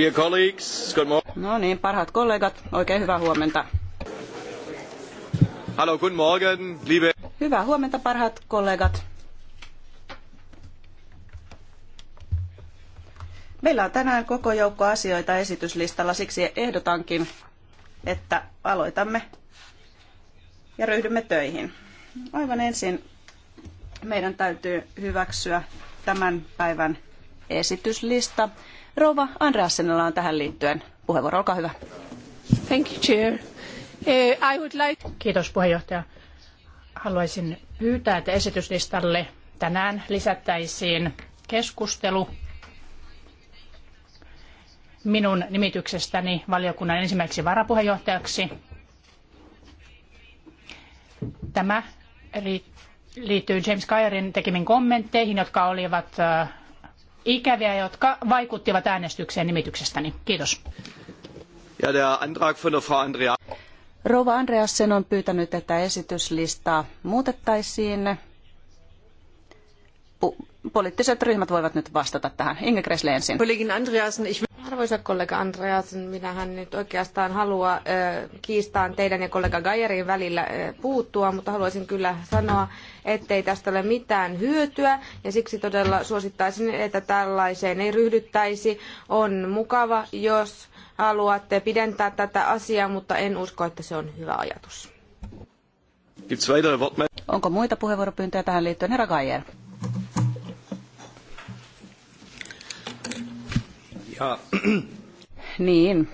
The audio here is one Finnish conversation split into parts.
Dear colleagues, good morning. No niin, parhaat kollegat, oikein hyvää huomenta. Hallo, guten morgen, liebe... Hyvää huomenta, parhaat kollegat. Meillä on tänään koko joukko asioita esityslistalla, siksi ehdotankin, että aloitamme ja ryhdymme töihin. Aivan ensin meidän täytyy hyväksyä tämän päivän esityslista. Rouva Andreasenilla on tähän liittyen puheenvuoro. Olkaa hyvä. Thank you, Chair. Eh, I would like... Kiitos puheenjohtaja. Haluaisin pyytää, että esityslistalle tänään lisättäisiin keskustelu minun nimityksestäni valiokunnan ensimmäiseksi varapuheenjohtajaksi. Tämä liittyy James Kairin tekemiin kommentteihin, jotka olivat eh, ikäviä, jotka vaikuttivat äänestykseen nimityksestäni. Kiitos. Ja der Antrag von der Frau Andrea. Rouva Andreasen on pyytänyt, että esityslistaa muutettaisiin. poliittiset ryhmät voivat nyt vastata tähän. Inge Kressle ensin. Arvoisa kollega Andreasen, minähän nyt oikeastaan halua äh, kiistaan teidän ja kollega Gajerin välillä puuttua, mutta haluaisin kyllä sanoa, ettei tästä ole mitään hyötyä ja siksi todella suosittaisin, että tällaiseen ei ryhdyttäisi. On mukava, jos haluatte pidentää tätä asiaa, mutta en usko, että se on hyvä ajatus. Onko muita puheenvuoropyyntöjä tähän liittyen? Herra Geier. Ja. Niin.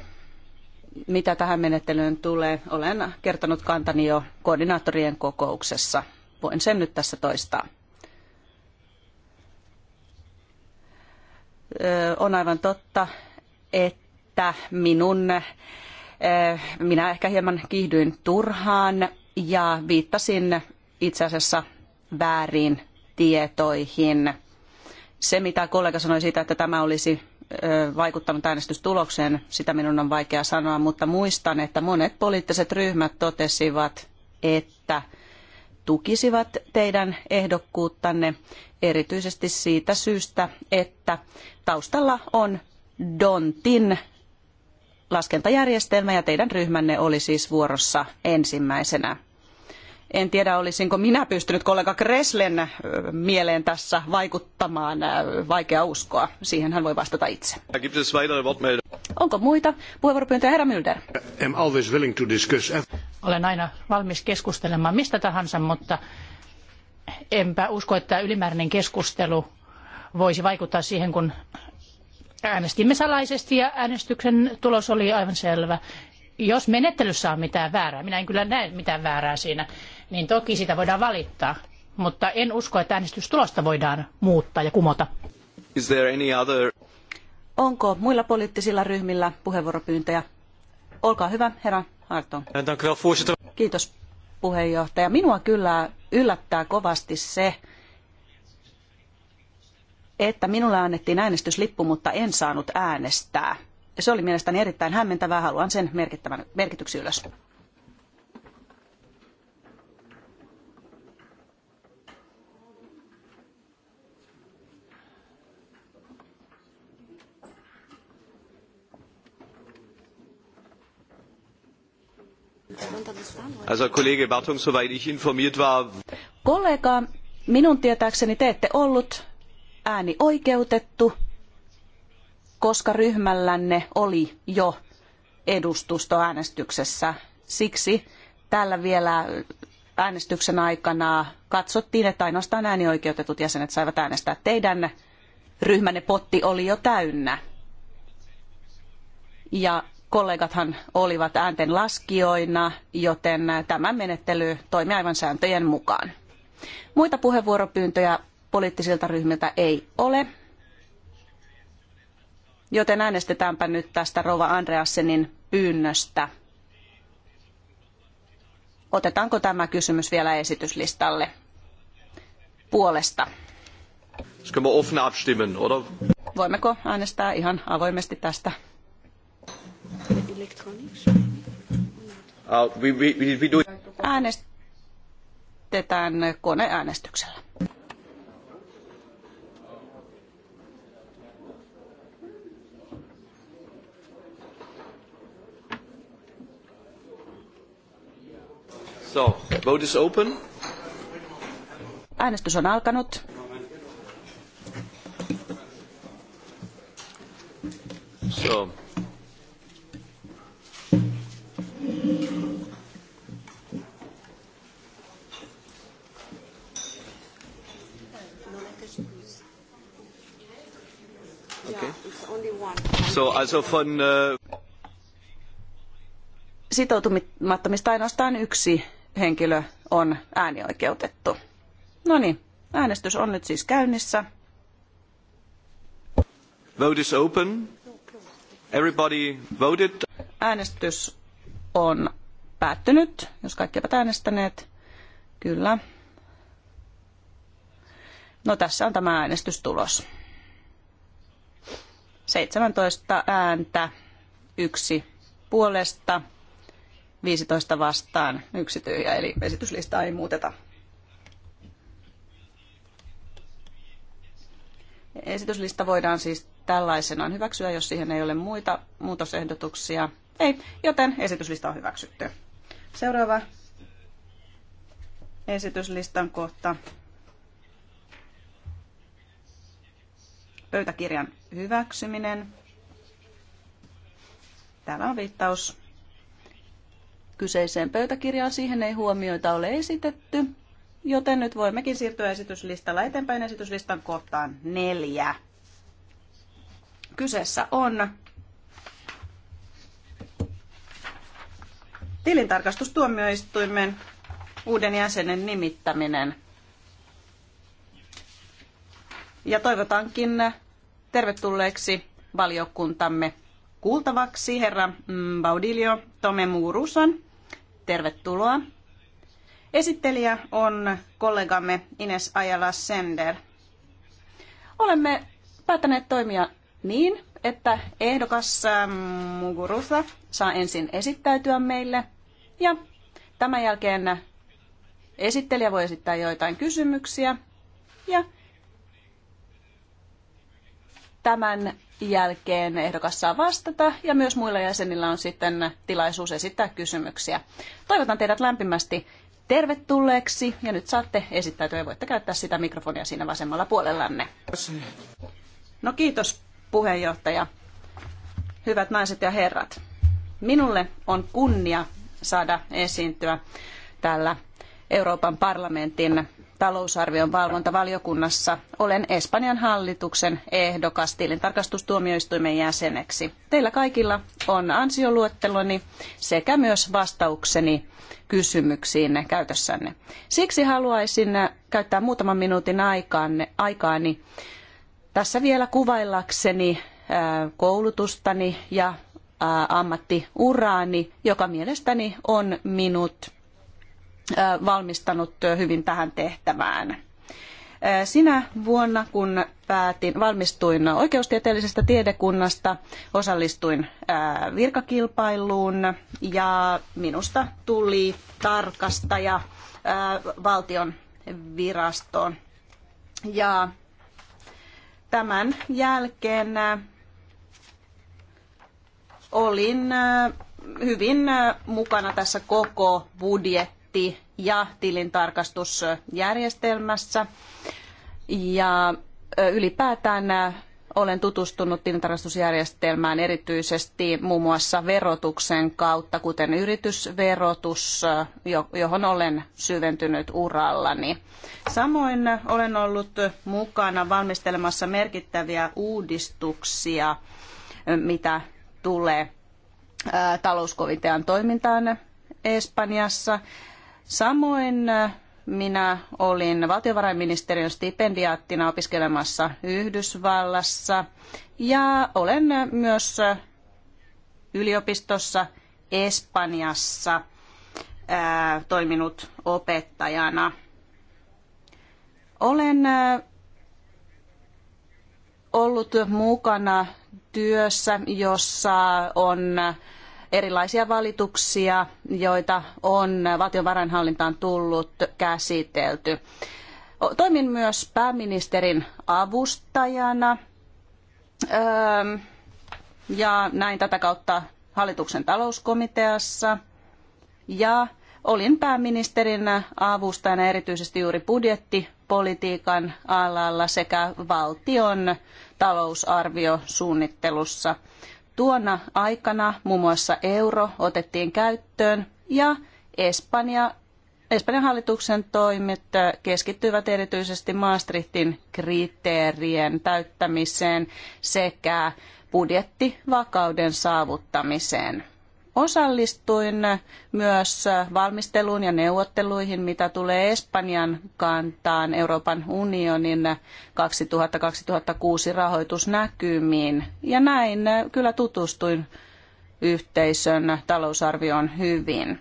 Mitä tähän menettelyyn tulee, olen kertonut kantani jo koordinaattorien kokouksessa voin sen nyt tässä toistaa. On aivan totta, että minun, minä ehkä hieman kiihdyin turhaan ja viittasin itse asiassa väärin tietoihin. Se, mitä kollega sanoi siitä, että tämä olisi vaikuttanut äänestystulokseen, sitä minun on vaikea sanoa, mutta muistan, että monet poliittiset ryhmät totesivat, että tukisivat teidän ehdokkuuttanne erityisesti siitä syystä, että taustalla on Dontin laskentajärjestelmä ja teidän ryhmänne oli siis vuorossa ensimmäisenä. En tiedä, olisinko minä pystynyt kollega Kreslen mieleen tässä vaikuttamaan. Vaikea uskoa. Siihen hän voi vastata itse. Onko muita puheenvuoropyyntöjä, herra Mylder? Olen aina valmis keskustelemaan mistä tahansa, mutta enpä usko, että ylimääräinen keskustelu voisi vaikuttaa siihen, kun äänestimme salaisesti ja äänestyksen tulos oli aivan selvä. Jos menettelyssä on mitään väärää, minä en kyllä näe mitään väärää siinä, niin toki sitä voidaan valittaa. Mutta en usko, että äänestystulosta voidaan muuttaa ja kumota. Is there any other... Onko muilla poliittisilla ryhmillä puheenvuoropyyntöjä? Olkaa hyvä, herra Harton. Kiitos puheenjohtaja. Minua kyllä yllättää kovasti se, että minulle annettiin äänestyslippu, mutta en saanut äänestää. Se oli mielestäni erittäin hämmentävää. Haluan sen merkittävän merkityksi ylös. Kollega, minun tietääkseni te ette ollut ääni oikeutettu, koska ryhmällänne oli jo edustusto äänestyksessä. Siksi tällä vielä äänestyksen aikana katsottiin, että ainoastaan äänioikeutetut jäsenet saivat äänestää. Teidän ryhmänne potti oli jo täynnä. Ja kollegathan olivat äänten laskijoina, joten tämä menettely toimi aivan sääntöjen mukaan. Muita puheenvuoropyyntöjä poliittisilta ryhmiltä ei ole, joten äänestetäänpä nyt tästä Rova Andreassenin pyynnöstä. Otetaanko tämä kysymys vielä esityslistalle puolesta? Voimmeko äänestää ihan avoimesti tästä? Ah, Äänestetään koneäänestyksellä. So, vote is open. Äänestys on alkanut. also von, äh, Sitoutumattomista ainoastaan yksi henkilö on äänioikeutettu. No niin, äänestys on nyt siis käynnissä. Vote is open. Everybody voted. Äänestys on päättynyt, jos kaikki ovat äänestäneet. Kyllä. No tässä on tämä äänestystulos. 17 ääntä, yksi puolesta, 15 vastaan, yksi tyhjä, eli esityslistaa ei muuteta. Esityslista voidaan siis tällaisenaan hyväksyä, jos siihen ei ole muita muutosehdotuksia. Ei, joten esityslista on hyväksytty. Seuraava esityslistan kohta pöytäkirjan hyväksyminen. Täällä on viittaus kyseiseen pöytäkirjaan. Siihen ei huomioita ole esitetty, joten nyt voimmekin siirtyä esityslistalla eteenpäin esityslistan kohtaan neljä. Kyseessä on tilintarkastustuomioistuimen uuden jäsenen nimittäminen ja toivotankin tervetulleeksi valiokuntamme kuultavaksi herra mm, Baudilio Tomemurusan. Tervetuloa. Esittelijä on kollegamme Ines Ajala Sender. Olemme päättäneet toimia niin, että ehdokas mm, Muguruza saa ensin esittäytyä meille ja tämän jälkeen esittelijä voi esittää joitain kysymyksiä ja tämän jälkeen ehdokas saa vastata ja myös muilla jäsenillä on sitten tilaisuus esittää kysymyksiä. Toivotan teidät lämpimästi tervetulleeksi ja nyt saatte esittäytyä ja voitte käyttää sitä mikrofonia siinä vasemmalla puolellanne. No kiitos puheenjohtaja. Hyvät naiset ja herrat, minulle on kunnia saada esiintyä täällä Euroopan parlamentin talousarvion valvontavaliokunnassa. Olen Espanjan hallituksen ehdokas tilintarkastustuomioistuimen jäseneksi. Teillä kaikilla on ansioluetteloni sekä myös vastaukseni kysymyksiinne käytössänne. Siksi haluaisin käyttää muutaman minuutin aikaanne, aikaani tässä vielä kuvaillakseni äh, koulutustani ja äh, ammattiuraani, joka mielestäni on minut valmistanut hyvin tähän tehtävään. Sinä vuonna, kun päätin, valmistuin oikeustieteellisestä tiedekunnasta, osallistuin virkakilpailuun ja minusta tuli tarkastaja valtion virastoon. Ja tämän jälkeen olin hyvin mukana tässä koko budjetti budjetti- ja tilintarkastusjärjestelmässä. Ja ylipäätään olen tutustunut tilintarkastusjärjestelmään erityisesti muun muassa verotuksen kautta, kuten yritysverotus, johon olen syventynyt urallani. Samoin olen ollut mukana valmistelemassa merkittäviä uudistuksia, mitä tulee talouskomitean toimintaan Espanjassa. Samoin äh, minä olin valtiovarainministeriön stipendiaattina opiskelemassa Yhdysvallassa ja olen myös äh, yliopistossa Espanjassa ää, äh, toiminut opettajana. Olen ollut mukana työssä, jossa on erilaisia valituksia, joita on valtionvarainhallintaan tullut käsitelty. Toimin myös pääministerin avustajana ja näin tätä kautta hallituksen talouskomiteassa. Ja olin pääministerin avustajana erityisesti juuri budjettipolitiikan alalla sekä valtion talousarviosuunnittelussa. Tuona aikana muun muassa euro otettiin käyttöön ja Espanja, Espanjan hallituksen toimet äh, keskittyivät erityisesti Maastrichtin kriteerien täyttämiseen sekä budjettivakauden saavuttamiseen. Osallistuin myös valmisteluun ja neuvotteluihin, mitä tulee Espanjan kantaan Euroopan unionin 2006 rahoitusnäkymiin. Ja näin kyllä tutustuin yhteisön talousarvioon hyvin.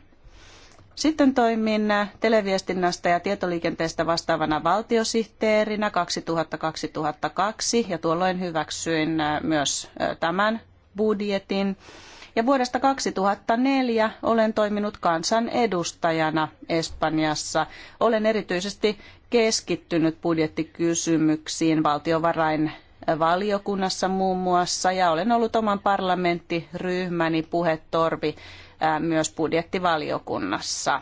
Sitten toimin televiestinnästä ja tietoliikenteestä vastaavana valtiosihteerinä 2002 ja tuolloin hyväksyin myös tämän budjetin. Ja vuodesta 2004 olen toiminut kansanedustajana Espanjassa. Olen erityisesti keskittynyt budjettikysymyksiin valtiovarain valiokunnassa muun muassa ja olen ollut oman parlamenttiryhmäni puhetorvi myös budjettivaliokunnassa.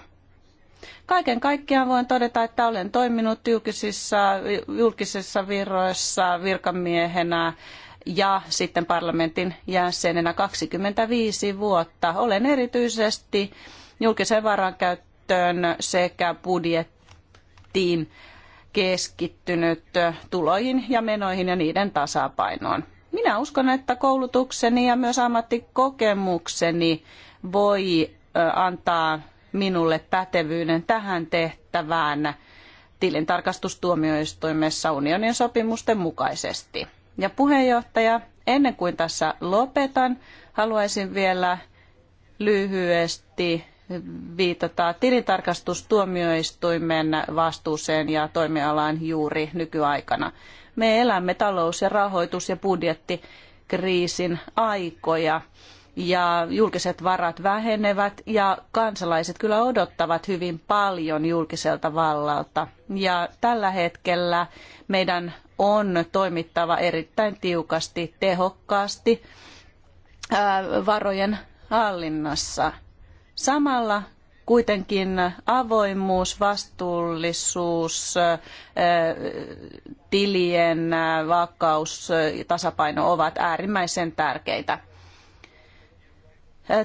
Kaiken kaikkiaan voin todeta, että olen toiminut julkisissa, julkisissa viroissa virkamiehenä, ja sitten parlamentin jäsenenä 25 vuotta. Olen erityisesti julkisen varankäyttöön sekä budjettiin keskittynyt tuloihin ja menoihin ja niiden tasapainoon. Minä uskon, että koulutukseni ja myös ammattikokemukseni voi antaa minulle pätevyyden tähän tehtävään tilintarkastustuomioistuimessa unionin sopimusten mukaisesti. Ja puheenjohtaja, ennen kuin tässä lopetan, haluaisin vielä lyhyesti viitata tilintarkastustuomioistuimen vastuuseen ja toimialaan juuri nykyaikana. Me elämme talous- ja rahoitus- ja budjettikriisin aikoja ja julkiset varat vähenevät ja kansalaiset kyllä odottavat hyvin paljon julkiselta vallalta. Ja tällä hetkellä meidän on toimittava erittäin tiukasti, tehokkaasti varojen hallinnassa. Samalla kuitenkin avoimuus, vastuullisuus, tilien vakaus ja tasapaino ovat äärimmäisen tärkeitä.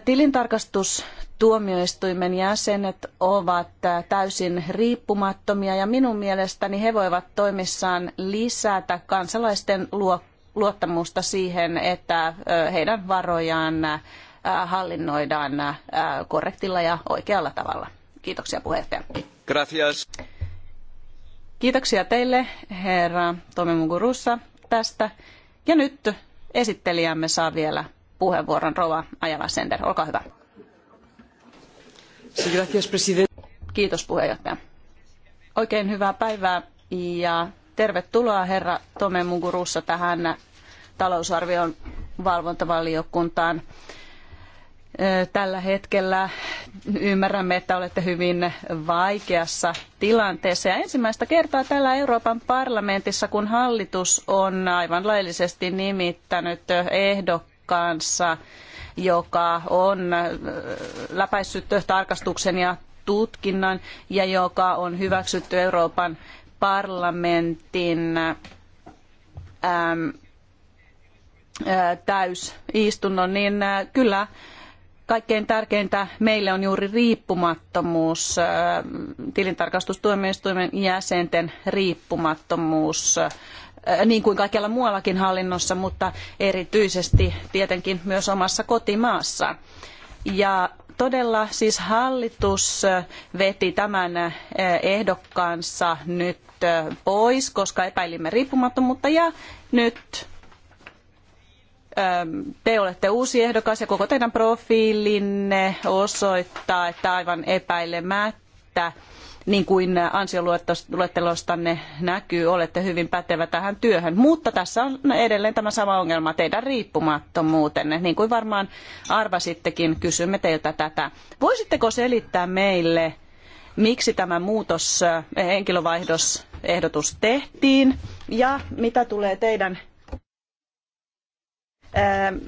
Tilintarkastus tuomioistuimen jäsenet ovat täysin riippumattomia ja minun mielestäni he voivat toimissaan lisätä kansalaisten luottamusta siihen, että heidän varojaan hallinnoidaan korrektilla ja oikealla tavalla. Kiitoksia puheenjohtaja. Gracias. Kiitoksia teille, herra Tomi Mugurussa, tästä. Ja nyt esittelijämme saa vielä puheenvuoron. Rova Ajala Sender, olkaa hyvä. Kiitos puheenjohtaja. Oikein hyvää päivää ja tervetuloa herra Tome Mugurussa tähän talousarvion valvontavaliokuntaan. Tällä hetkellä ymmärrämme, että olette hyvin vaikeassa tilanteessa. Ja ensimmäistä kertaa täällä Euroopan parlamentissa, kun hallitus on aivan laillisesti nimittänyt ehdokkaan, kanssa, joka on äh, läpäissyt tarkastuksen ja tutkinnan ja joka on hyväksytty Euroopan parlamentin ähm, äh, täysistunnon, niin äh, kyllä kaikkein tärkeintä meille on juuri riippumattomuus, tilintarkastustuomioistuimen jäsenten riippumattomuus niin kuin kaikkialla muuallakin hallinnossa, mutta erityisesti tietenkin myös omassa kotimaassa. Ja todella siis hallitus veti tämän ehdokkaansa nyt pois, koska epäilimme riippumattomuutta ja nyt te olette uusi ehdokas ja koko teidän profiilinne osoittaa, että aivan epäilemättä niin kuin ansioluettelostanne näkyy, olette hyvin pätevä tähän työhön. Mutta tässä on edelleen tämä sama ongelma, teidän riippumattomuutenne. Niin kuin varmaan arvasittekin, kysymme teiltä tätä. Voisitteko selittää meille, miksi tämä muutos, eh, henkilövaihdosehdotus tehtiin ja mitä tulee teidän eh,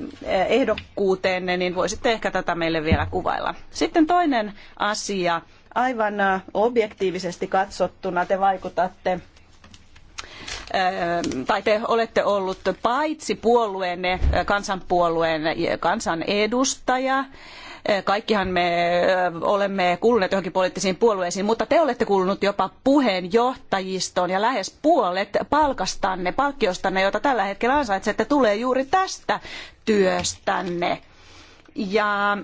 ehdokkuuteenne, niin voisitte ehkä tätä meille vielä kuvailla. Sitten toinen asia aivan äh, objektiivisesti katsottuna te vaikutatte ähm, tai te olette ollut paitsi puolueenne, äh, kansanpuolueen äh, kansanedustaja, kaikkihan me olemme kuuluneet johonkin poliittisiin puolueisiin, mutta te olette kuulunut jopa puheenjohtajistoon ja lähes puolet palkastanne, palkkiostanne, jota tällä hetkellä ansaitsette, tulee juuri tästä työstänne. Ja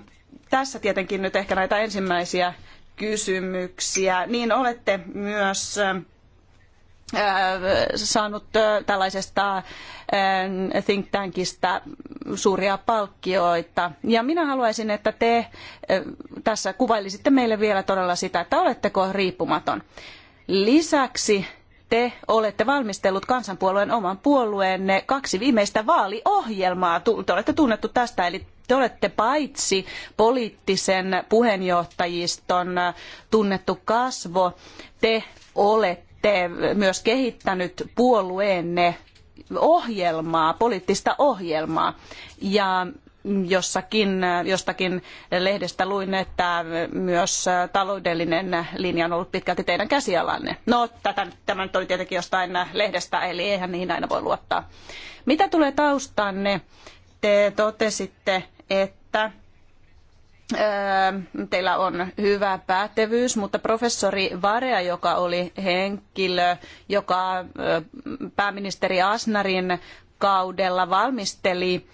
tässä tietenkin nyt ehkä näitä ensimmäisiä kysymyksiä, niin olette myös äh, saanut äh, tällaisesta äh, think tankista suuria palkkioita. Ja minä haluaisin, että te tässä kuvailisitte meille vielä todella sitä, että oletteko riippumaton. Lisäksi te olette valmistellut kansanpuolueen oman puolueenne kaksi viimeistä vaaliohjelmaa. Te olette tunnettu tästä, eli te olette paitsi poliittisen puheenjohtajiston tunnettu kasvo, te olette myös kehittänyt puolueenne ohjelmaa, poliittista ohjelmaa. Ja jossakin, jostakin lehdestä luin, että myös taloudellinen linja on ollut pitkälti teidän käsialanne. No, tätä, tämä nyt oli tietenkin jostain lehdestä, eli eihän niihin aina voi luottaa. Mitä tulee taustanne? Te totesitte, että teillä on hyvä pätevyys, mutta professori Varea, joka oli henkilö, joka pääministeri Asnarin kaudella valmisteli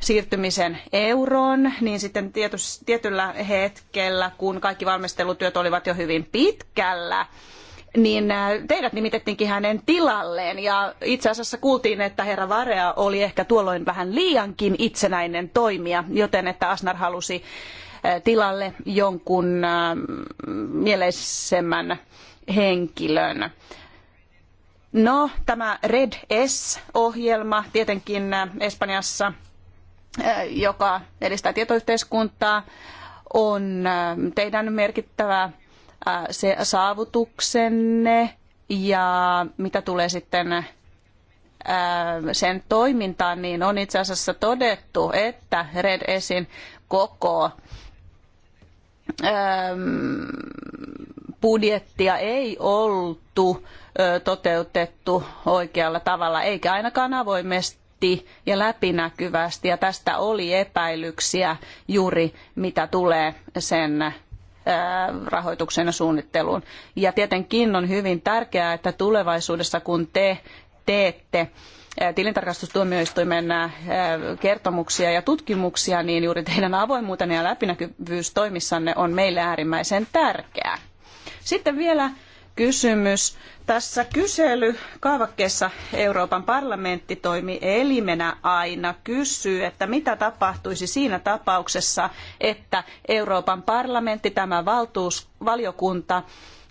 siirtymisen euroon, niin sitten tietyllä hetkellä, kun kaikki valmistelutyöt olivat jo hyvin pitkällä, niin äh, teidät nimitettiinkin hänen tilalleen ja itse asiassa kuultiin, että herra Varea oli ehkä tuolloin vähän liiankin itsenäinen toimija, joten että Asnar halusi äh, tilalle jonkun äh, mieleisemmän henkilön. No, tämä Red S-ohjelma tietenkin Espanjassa, joka edistää tietoyhteiskuntaa, on teidän merkittävä se saavutuksenne ja mitä tulee sitten sen toimintaan, niin on itse asiassa todettu, että Red Esin koko budjettia ei oltu toteutettu oikealla tavalla, eikä ainakaan avoimesti ja läpinäkyvästi. Ja tästä oli epäilyksiä juuri mitä tulee sen rahoitukseen ja suunnitteluun. Ja tietenkin on hyvin tärkeää, että tulevaisuudessa kun te teette tilintarkastustuomioistuimen kertomuksia ja tutkimuksia, niin juuri teidän avoimuutenne ja läpinäkyvyys toimissanne on meille äärimmäisen tärkeää. Sitten vielä kysymys. Tässä kyselykaavakkeessa Euroopan parlamentti toimi elimenä aina kysyy, että mitä tapahtuisi siinä tapauksessa, että Euroopan parlamentti, tämä valtuus, valiokunta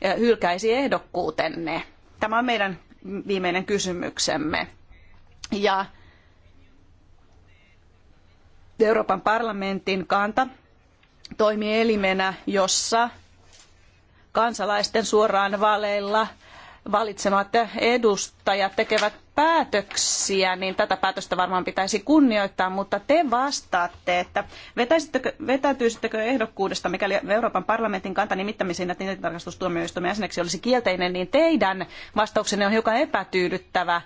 eh, hylkäisi ehdokkuutenne. Tämä on meidän viimeinen kysymyksemme. Ja Euroopan parlamentin kanta toimielimenä, jossa kansalaisten suoraan vaaleilla valitsemat edustajat tekevät päätöksiä, niin tätä päätöstä varmaan pitäisi kunnioittaa, mutta te vastaatte, että vetäytyisittekö ehdokkuudesta, mikäli Euroopan parlamentin kanta nimittämisiin ja tilintarkastustuomioistuimen jäseneksi olisi kielteinen, niin teidän vastauksenne on hiukan epätyydyttävä.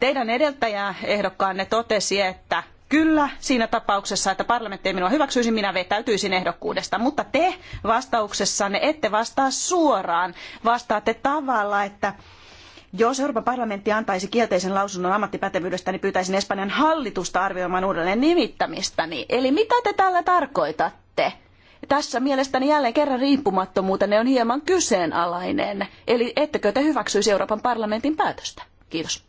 Teidän edeltäjäehdokkaanne totesi, että kyllä siinä tapauksessa, että parlamentti ei minua hyväksyisi, minä vetäytyisin ehdokkuudesta. Mutta te vastauksessanne ette vastaa suoraan. Vastaatte tavalla, että jos Euroopan parlamentti antaisi kielteisen lausunnon ammattipätevyydestä, niin pyytäisin Espanjan hallitusta arvioimaan uudelleen nimittämistäni. Eli mitä te tällä tarkoitatte? Tässä mielestäni jälleen kerran riippumattomuutenne on hieman kyseenalainen. Eli ettekö te hyväksyisi Euroopan parlamentin päätöstä? Kiitos.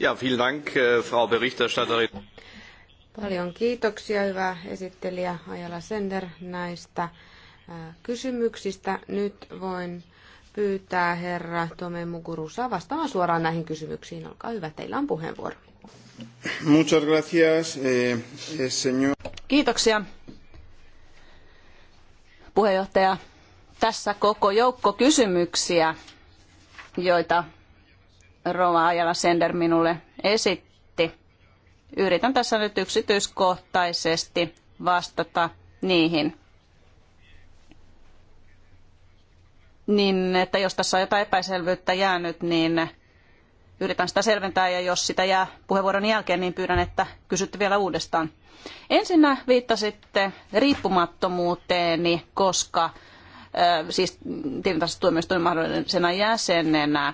Ja, vielen Dank, äh, Frau Berichterstatterin. Paljon kiitoksia, hyvä esittelijä Ajala Sender, näistä äh, kysymyksistä. Nyt voin pyytää herra Tome Mugurusa vastaamaan suoraan näihin kysymyksiin. Olkaa hyvä, teillä on puheenvuoro. Muchas gracias, eh, eh, señor. Kiitoksia, puheenjohtaja. Tässä koko joukko kysymyksiä, joita Rova Ajala Sender minulle esitti. Yritän tässä nyt yksityiskohtaisesti vastata niihin. Niin, että jos tässä on jotain epäselvyyttä jäänyt, niin yritän sitä selventää ja jos sitä jää puheenvuoron jälkeen, niin pyydän, että kysytte vielä uudestaan. Ensinnä viittasitte riippumattomuuteeni, koska äh, siis tilintarkastustuomioistuimen mahdollisena jäsenenä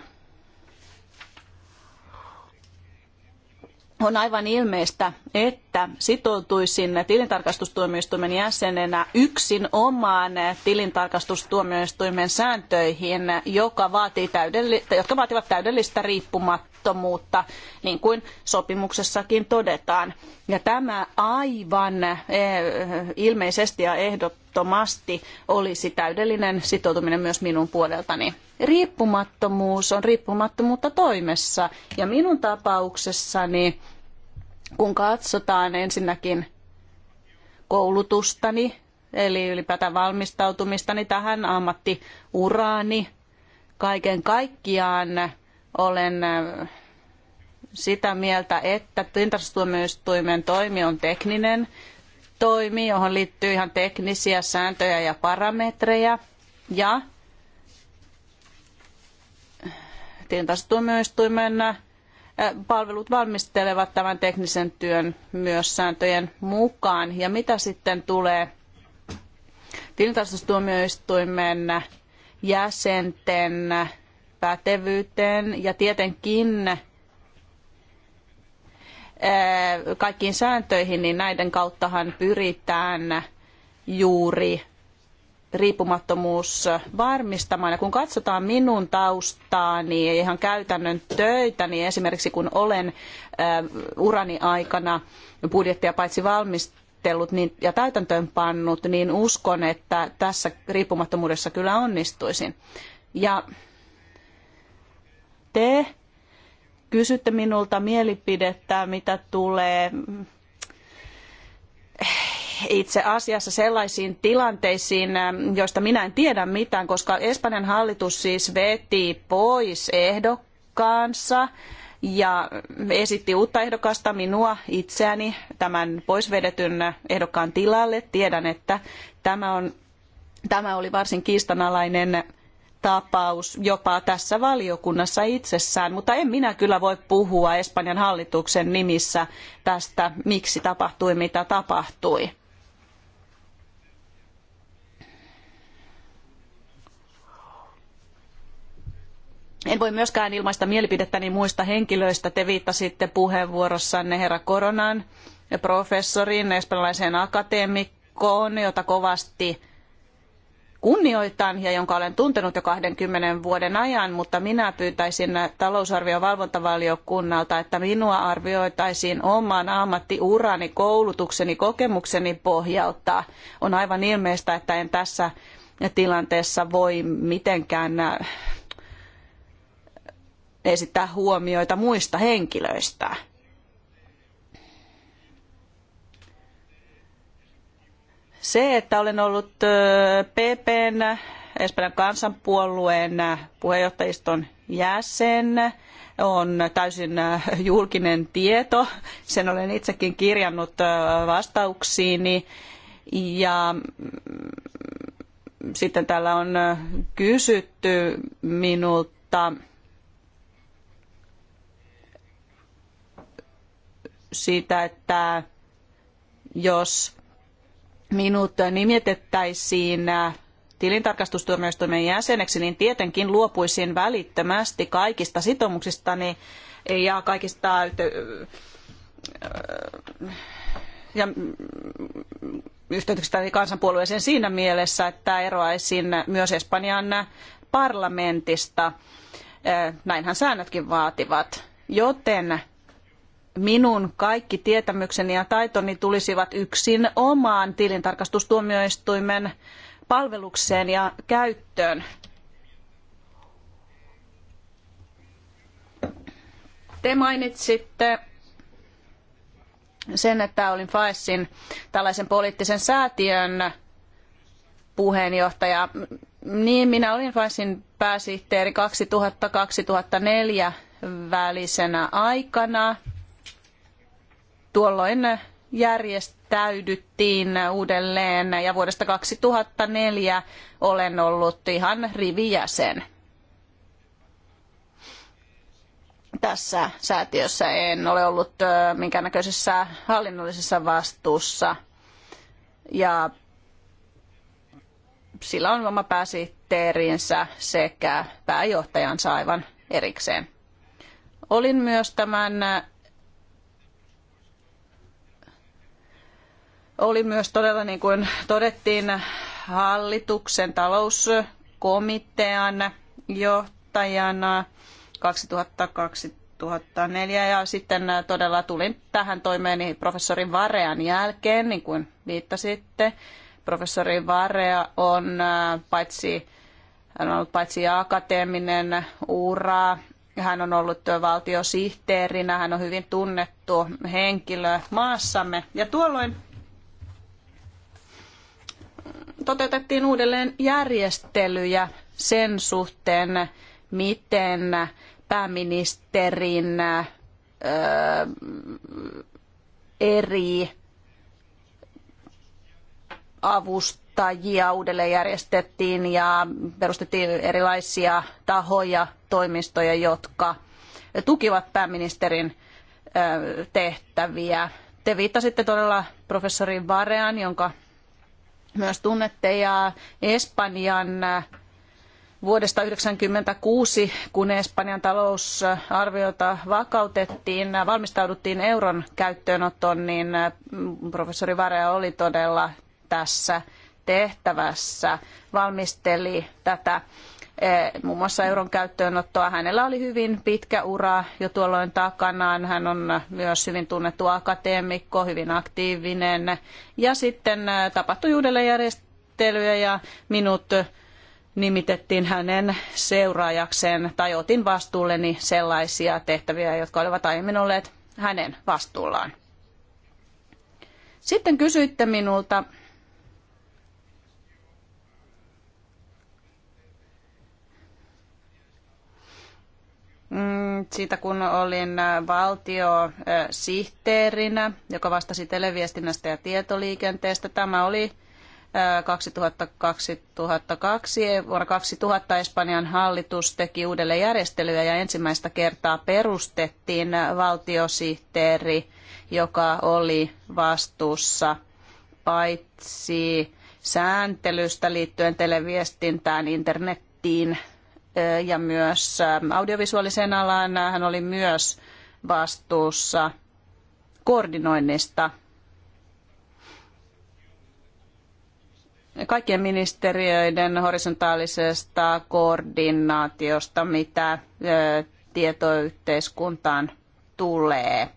on aivan ilmeistä, että että sitoutuisin tilintarkastustuomioistuimen jäsenenä yksin omaan tilintarkastustuomioistuimen sääntöihin, joka vaatii täydelli- jotka vaativat täydellistä riippumattomuutta, niin kuin sopimuksessakin todetaan. Ja tämä aivan eh, ilmeisesti ja ehdottomasti olisi täydellinen sitoutuminen myös minun puoleltani. Riippumattomuus on riippumattomuutta toimessa, ja minun tapauksessani kun katsotaan ensinnäkin koulutustani, eli ylipäätään valmistautumistani tähän ammattiuraani, kaiken kaikkiaan olen äh, sitä mieltä, että tintastuomioistuimen toimi on tekninen toimi, johon liittyy ihan teknisiä sääntöjä ja parametreja. Ja tintastuomioistuimen palvelut valmistelevat tämän teknisen työn myös sääntöjen mukaan. Ja mitä sitten tulee tilintarkastustuomioistuimen jäsenten pätevyyteen ja tietenkin kaikkiin sääntöihin, niin näiden kauttahan pyritään juuri riippumattomuus varmistamaan. Ja kun katsotaan minun taustaani ja ihan käytännön töitä, niin esimerkiksi kun olen urani aikana budjettia paitsi valmistellut niin, ja täytäntöön pannut, niin uskon, että tässä riippumattomuudessa kyllä onnistuisin. Ja te kysytte minulta mielipidettä, mitä tulee itse asiassa sellaisiin tilanteisiin, ähm, joista minä en tiedä mitään, koska Espanjan hallitus siis veti pois ehdokkaansa ja esitti uutta ehdokasta minua itseäni tämän poisvedetyn ehdokkaan tilalle. Tiedän, että tämä, on, tämä oli varsin kiistanalainen tapaus jopa tässä valiokunnassa itsessään, mutta en minä kyllä voi puhua Espanjan hallituksen nimissä tästä, miksi tapahtui mitä tapahtui. En voi myöskään ilmaista mielipidettäni muista henkilöistä. Te viittasitte puheenvuorossanne herra Koronan, professoriin, espanjalaiseen akateemikkoon, jota kovasti kunnioitan ja jonka olen tuntenut jo 20 vuoden ajan, mutta minä pyytäisin talousarvion valvontavaliokunnalta, että minua arvioitaisiin oman ammattiurani, koulutukseni, kokemukseni pohjalta. On aivan ilmeistä, että en tässä tilanteessa voi mitenkään esittää huomioita muista henkilöistä. Se, että olen ollut PPn, Espanjan kansanpuolueen puheenjohtajiston jäsen, on täysin julkinen tieto. Sen olen itsekin kirjannut vastauksiini. Ja mm, sitten täällä on kysytty minulta, siitä, että jos minut nimitettäisiin tilintarkastustuomioistuimen jäseneksi, niin tietenkin luopuisin välittömästi kaikista sitoumuksistani ja kaikista äh, äh, ja mm, yhteydestäni kansanpuolueeseen siinä mielessä, että eroaisin myös Espanjan parlamentista. Äh, näinhän säännötkin vaativat. Joten minun kaikki tietämykseni ja taitoni tulisivat yksin omaan tilintarkastustuomioistuimen palvelukseen ja käyttöön. Te mainitsitte sen, että olin Faessin tällaisen poliittisen säätiön puheenjohtaja. Niin, minä olin Faessin pääsihteeri 2000-2004 välisenä aikana. Tuolloin järjestäydyttiin uudelleen ja vuodesta 2004 olen ollut ihan rivijäsen. Tässä säätiössä en ole ollut minkäännäköisessä hallinnollisessa vastuussa ja sillä on oma pääsihteerinsä sekä pääjohtajansa aivan erikseen. Olin myös tämän oli myös todella, niin kuin todettiin, hallituksen talouskomitean johtajana 2004 ja sitten todella tulin tähän toimeeni niin professori Varean jälkeen, niin kuin viittasitte. Professori Varea on äh, paitsi hän on ollut paitsi akateeminen ura, hän on ollut valtiosihteerinä, hän on hyvin tunnettu henkilö maassamme. Ja tuolloin toteutettiin uudelleen järjestelyjä sen suhteen, miten pääministerin eri avustajia uudelleen järjestettiin ja perustettiin erilaisia tahoja, toimistoja, jotka tukivat pääministerin tehtäviä. Te viittasitte todella professori Varean, jonka myös tunnette ja Espanjan vuodesta 1996, kun Espanjan talousarviota vakautettiin, valmistauduttiin euron käyttöönottoon, niin mm, professori Varea oli todella tässä tehtävässä, valmisteli tätä Eh, muun muassa euron käyttöönottoa. Hänellä oli hyvin pitkä ura jo tuolloin takanaan. Hän on myös hyvin tunnettu akateemikko, hyvin aktiivinen. Ja sitten eh, tapahtui uudelleenjärjestelyä ja minut nimitettiin hänen seuraajakseen tai otin vastuulleni sellaisia tehtäviä, jotka olivat aiemmin olleet hänen vastuullaan. Sitten kysyitte minulta, Mm, siitä kun olin äh, valtiosihteerinä, äh, joka vastasi televiestinnästä ja tietoliikenteestä. Tämä oli 2000-2002. Äh, eh, vuonna 2000 Espanjan hallitus teki uudelle järjestelyä ja ensimmäistä kertaa perustettiin valtiosihteeri, joka oli vastuussa paitsi sääntelystä liittyen televiestintään, internettiin, ja myös audiovisuaalisen alan. Hän oli myös vastuussa koordinoinnista kaikkien ministeriöiden horisontaalisesta koordinaatiosta, mitä tietoyhteiskuntaan tulee.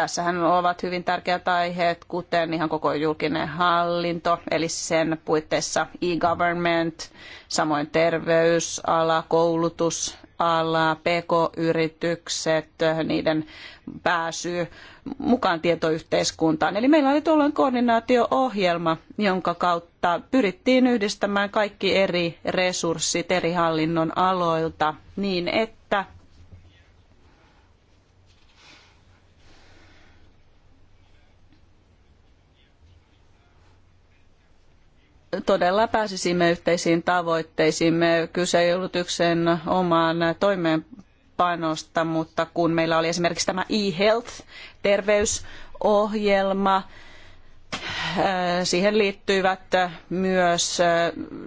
Tässähän ovat hyvin tärkeät aiheet, kuten ihan koko julkinen hallinto, eli sen puitteissa e-government, samoin terveysala, koulutusala, pk-yritykset, niiden pääsy mukaan tietoyhteiskuntaan. Eli meillä oli tuolloin koordinaatio-ohjelma, jonka kautta pyrittiin yhdistämään kaikki eri resurssit eri hallinnon aloilta niin, että todella pääsisimme yhteisiin tavoitteisiimme. Kyse ei ollut yksin omaan toimeenpanosta, mutta kun meillä oli esimerkiksi tämä e-health, terveysohjelma, äh, siihen liittyivät myös äh,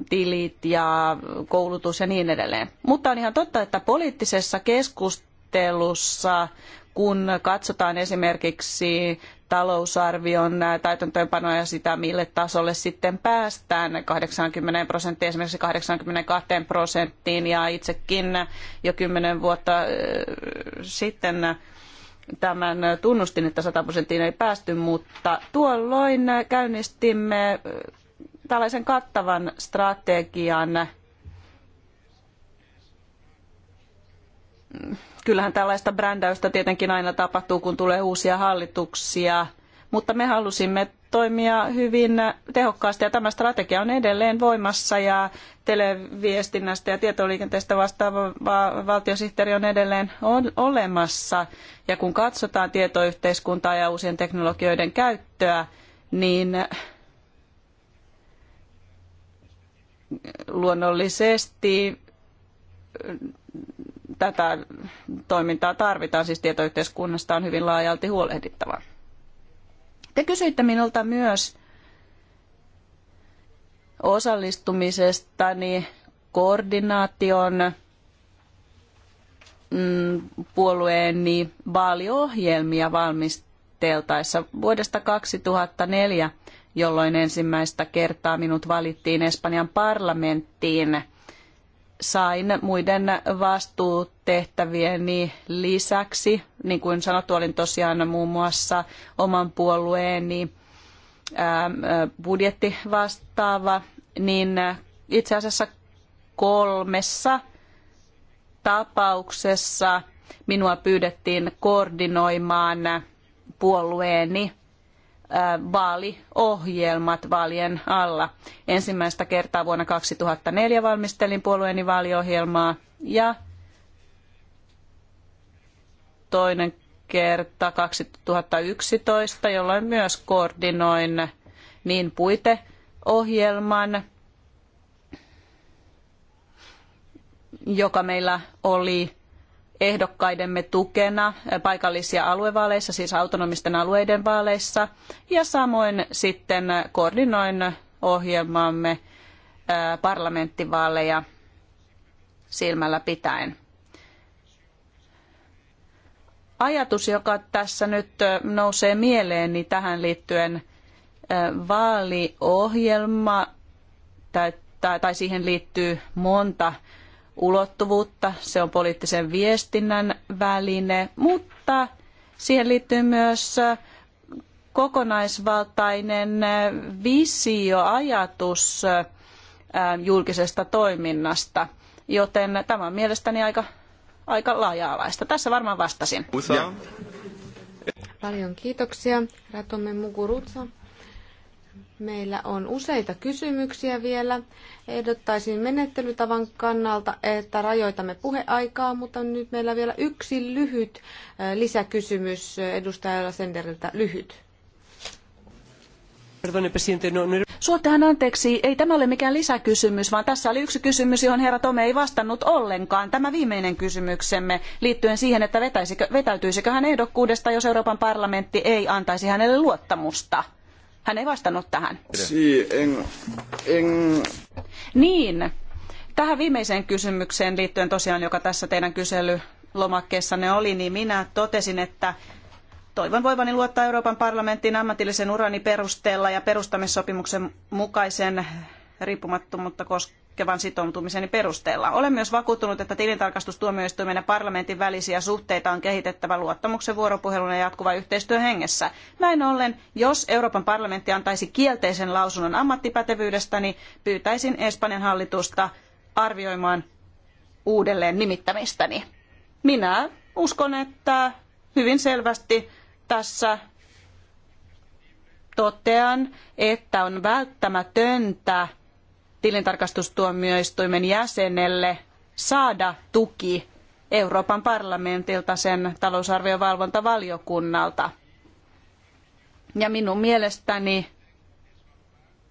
tilit ja koulutus ja niin edelleen. Mutta on ihan totta, että poliittisessa keskustelussa kun katsotaan esimerkiksi talousarvion täytäntöönpanoa ja sitä, mille tasolle sitten päästään 80 prosenttiin, esimerkiksi 82 prosenttiin ja itsekin jo kymmenen vuotta sitten tämän tunnustin, että 100 prosenttiin ei päästy, mutta tuolloin käynnistimme tällaisen kattavan strategian Kyllähän tällaista brändäystä tietenkin aina tapahtuu, kun tulee uusia hallituksia, mutta me halusimme toimia hyvin tehokkaasti ja tämä strategia on edelleen voimassa ja televiestinnästä ja tietoliikenteestä vastaava valtiosihteeri on edelleen on olemassa. Ja kun katsotaan tietoyhteiskuntaa ja uusien teknologioiden käyttöä, niin luonnollisesti tätä toimintaa tarvitaan, siis tietoyhteiskunnasta on hyvin laajalti huolehdittava. Te kysyitte minulta myös osallistumisestani koordinaation mm, puolueeni vaaliohjelmia valmisteltaessa vuodesta 2004, jolloin ensimmäistä kertaa minut valittiin Espanjan parlamenttiin – sain muiden vastuutehtävieni lisäksi, niin kuin sanottu, olin tosiaan muun muassa oman puolueeni ähm, budjettivastaava, niin itse asiassa kolmessa tapauksessa minua pyydettiin koordinoimaan puolueeni vaaliohjelmat vaalien alla. Ensimmäistä kertaa vuonna 2004 valmistelin puolueeni vaaliohjelmaa ja toinen kerta 2011, jolloin myös koordinoin niin puiteohjelman, joka meillä oli ehdokkaidemme tukena paikallisia aluevaaleissa, siis autonomisten alueiden vaaleissa, ja samoin sitten koordinoin ohjelmaamme parlamenttivaaleja silmällä pitäen. Ajatus, joka tässä nyt nousee mieleeni niin tähän liittyen, vaaliohjelma tai, tai, tai siihen liittyy monta ulottuvuutta, se on poliittisen viestinnän väline, mutta siihen liittyy myös kokonaisvaltainen visio, ajatus ähm, julkisesta toiminnasta, joten tämä on mielestäni aika, aika laaja-alaista. Tässä varmaan vastasin. Paljon kiitoksia. Ratomme Mugurutsa. Meillä on useita kysymyksiä vielä. Ehdottaisin menettelytavan kannalta, että rajoitamme puheaikaa, mutta nyt meillä vielä yksi lyhyt lisäkysymys edustajalla Senderiltä. Lyhyt. No, no Suottahan anteeksi, ei tämä ole mikään lisäkysymys, vaan tässä oli yksi kysymys, johon herra Tome ei vastannut ollenkaan. Tämä viimeinen kysymyksemme liittyen siihen, että vetäytyisikö hän ehdokkuudesta, jos Euroopan parlamentti ei antaisi hänelle luottamusta. Hän ei vastannut tähän. Si, en, en... Niin, tähän viimeiseen kysymykseen liittyen tosiaan, joka tässä teidän kyselylomakkeessanne oli, niin minä totesin, että toivon voivani luottaa Euroopan parlamenttiin ammatillisen urani perusteella ja perustamissopimuksen mukaisen riippumattomuutta koskien koskevan sitoutumiseni perusteella. Olen myös vakuuttunut, että tilintarkastustuomioistuimen ja parlamentin välisiä suhteita on kehitettävä luottamuksen vuoropuhelun ja jatkuvan yhteistyön hengessä. Näin ollen, jos Euroopan parlamentti antaisi kielteisen lausunnon ammattipätevyydestäni, pyytäisin Espanjan hallitusta arvioimaan uudelleen nimittämistäni. Minä uskon, että hyvin selvästi tässä totean, että on välttämätöntä tilintarkastustuomioistuimen jäsenelle saada tuki Euroopan parlamentilta sen talousarviovalvontavaliokunnalta. Ja minun mielestäni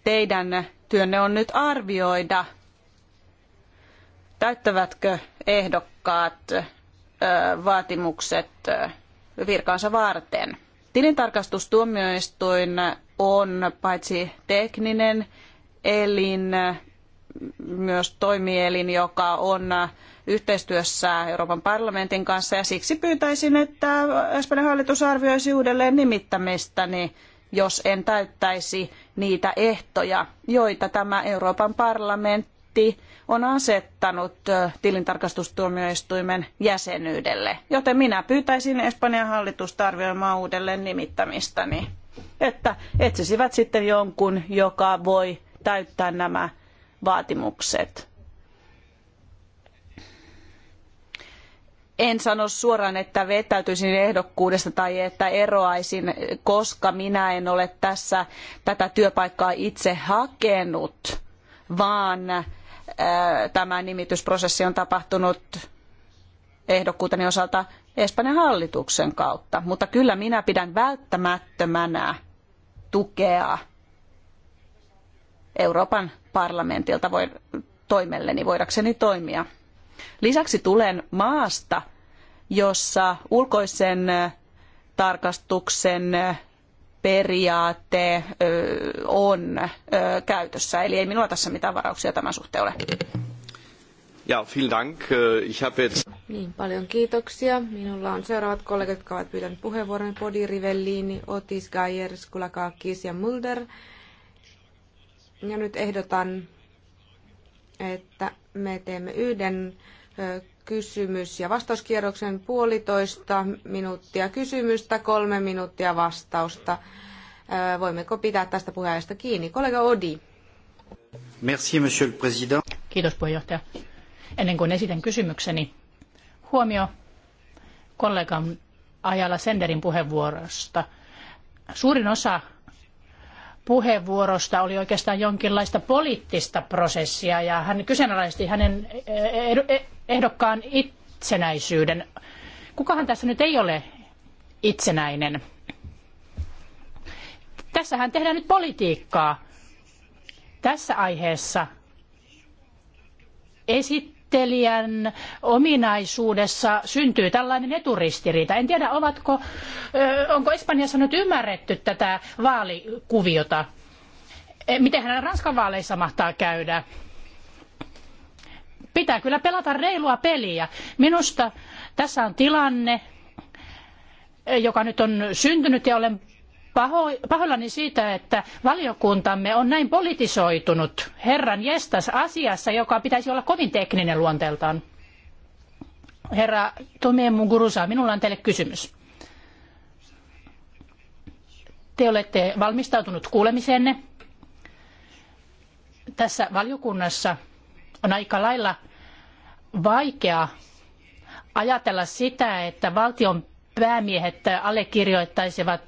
teidän työnne on nyt arvioida, täyttävätkö ehdokkaat vaatimukset virkaansa varten. Tilintarkastustuomioistuin on paitsi tekninen elin, myös toimielin, joka on yhteistyössä Euroopan parlamentin kanssa ja siksi pyytäisin, että Espanjan hallitus arvioisi uudelleen nimittämistäni, jos en täyttäisi niitä ehtoja, joita tämä Euroopan parlamentti on asettanut tilintarkastustuomioistuimen jäsenyydelle. Joten minä pyytäisin Espanjan hallitusta arvioimaan uudelleen nimittämistäni, että etsisivät sitten jonkun, joka voi täyttää nämä vaatimukset. En sano suoraan, että vetäytyisin ehdokkuudesta tai että eroaisin, koska minä en ole tässä tätä työpaikkaa itse hakenut, vaan äh, tämä nimitysprosessi on tapahtunut ehdokkuuteni osalta Espanjan hallituksen kautta. Mutta kyllä minä pidän välttämättömänä tukea Euroopan parlamentilta voi, toimelleni, voidakseni toimia. Lisäksi tulen maasta, jossa ulkoisen tarkastuksen periaate on käytössä. Eli ei minulla tässä mitään varauksia tämän suhteen ole. Ja, vielen Dank. Ich habe jetzt... Niin, paljon kiitoksia. Minulla on seuraavat kollegat, jotka ovat pyytäneet puheenvuoron. Podi Rivellini, Otis Geier, Skulakakis ja Mulder. Ja nyt ehdotan, että me teemme yhden kysymys- ja vastauskierroksen puolitoista minuuttia kysymystä, kolme minuuttia vastausta. Voimmeko pitää tästä puheesta kiinni? Kollega Odi. Merci, monsieur le président. Kiitos puheenjohtaja. Ennen kuin esitän kysymykseni, huomio kollegan ajalla Senderin puheenvuorosta. Suurin osa puheenvuorosta oli oikeastaan jonkinlaista poliittista prosessia ja hän kyseenalaisti hänen eh, eh, eh, ehdokkaan itsenäisyyden. Kukahan tässä nyt ei ole itsenäinen? Tässähän tehdään nyt politiikkaa. Tässä aiheessa esittää esittelijän ominaisuudessa syntyy tällainen eturistiriita. En tiedä, ovatko, onko Espanjassa nyt ymmärretty tätä vaalikuviota. E, Mitenhän Ranskan vaaleissa mahtaa käydä? Pitää kyllä pelata reilua peliä. Minusta tässä on tilanne, joka nyt on syntynyt ja olen pahoillani siitä, että valiokuntamme on näin politisoitunut herran jestas asiassa, joka pitäisi olla kovin tekninen luonteeltaan. Herra Tome Mugurusa, minulla on teille kysymys. Te olette valmistautunut kuulemiseenne. Tässä valiokunnassa on aika lailla vaikea ajatella sitä, että valtion päämiehet allekirjoittaisivat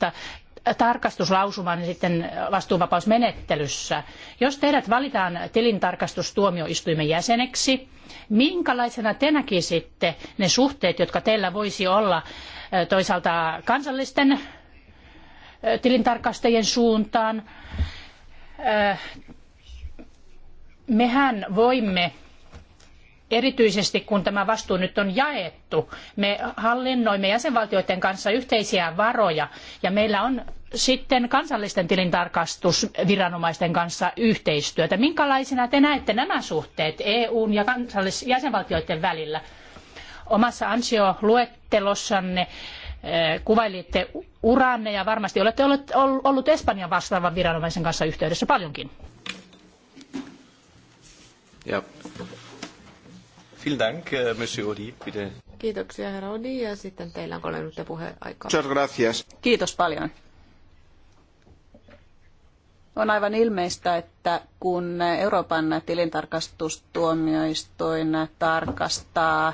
tarkastuslausuman sitten vastuuvapausmenettelyssä. Jos teidät valitaan tilintarkastustuomioistuimen jäseneksi, minkälaisena te näkisitte ne suhteet, jotka teillä voisi olla toisaalta kansallisten tilintarkastajien suuntaan? Mehän voimme erityisesti kun tämä vastuu nyt on jaettu, me hallinnoimme jäsenvaltioiden kanssa yhteisiä varoja ja meillä on sitten kansallisten tilintarkastusviranomaisten kanssa yhteistyötä. Minkälaisina te näette nämä suhteet EUn ja kansallis- jäsenvaltioiden välillä? Omassa ansioluettelossanne eh, kuvailitte uranne ja varmasti olette ollut Espanjan vastaavan viranomaisen kanssa yhteydessä paljonkin. Ja. Vielen Dank, äh, Monsieur Odi, bitte. Kiitoksia, herra Odi, ja sitten teillä on kolme minuuttia puheaikaa. Muchas Kiitos paljon. On aivan ilmeistä, että kun Euroopan tilintarkastustuomioistuin tarkastaa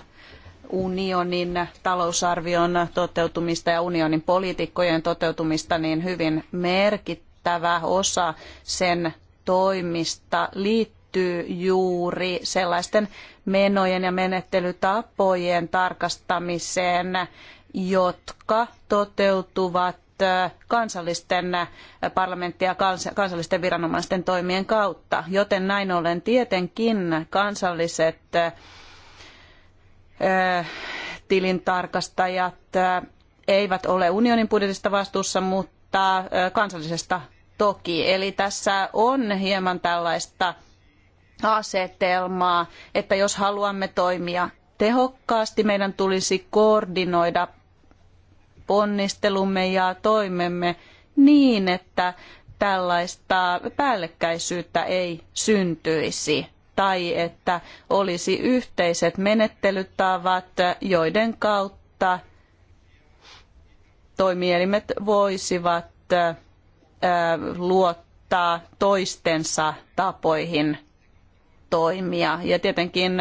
unionin talousarvion toteutumista ja unionin poliitikkojen toteutumista, niin hyvin merkittävä osa sen toimista liittyy liittyy juuri sellaisten menojen ja menettelytapojen tarkastamiseen, jotka toteutuvat äh, kansallisten äh, parlamentti- ja kansallisten viranomaisten toimien kautta. Joten näin ollen tietenkin kansalliset äh, tilintarkastajat eivät ole unionin budjetista vastuussa, mutta kansallisesta toki. Eli tässä on hieman tällaista asetelmaa, että jos haluamme toimia tehokkaasti, meidän tulisi koordinoida ponnistelumme ja toimemme niin, että tällaista päällekkäisyyttä ei syntyisi tai että olisi yhteiset menettelytavat, joiden kautta toimielimet voisivat luottaa toistensa tapoihin toimia. Ja tietenkin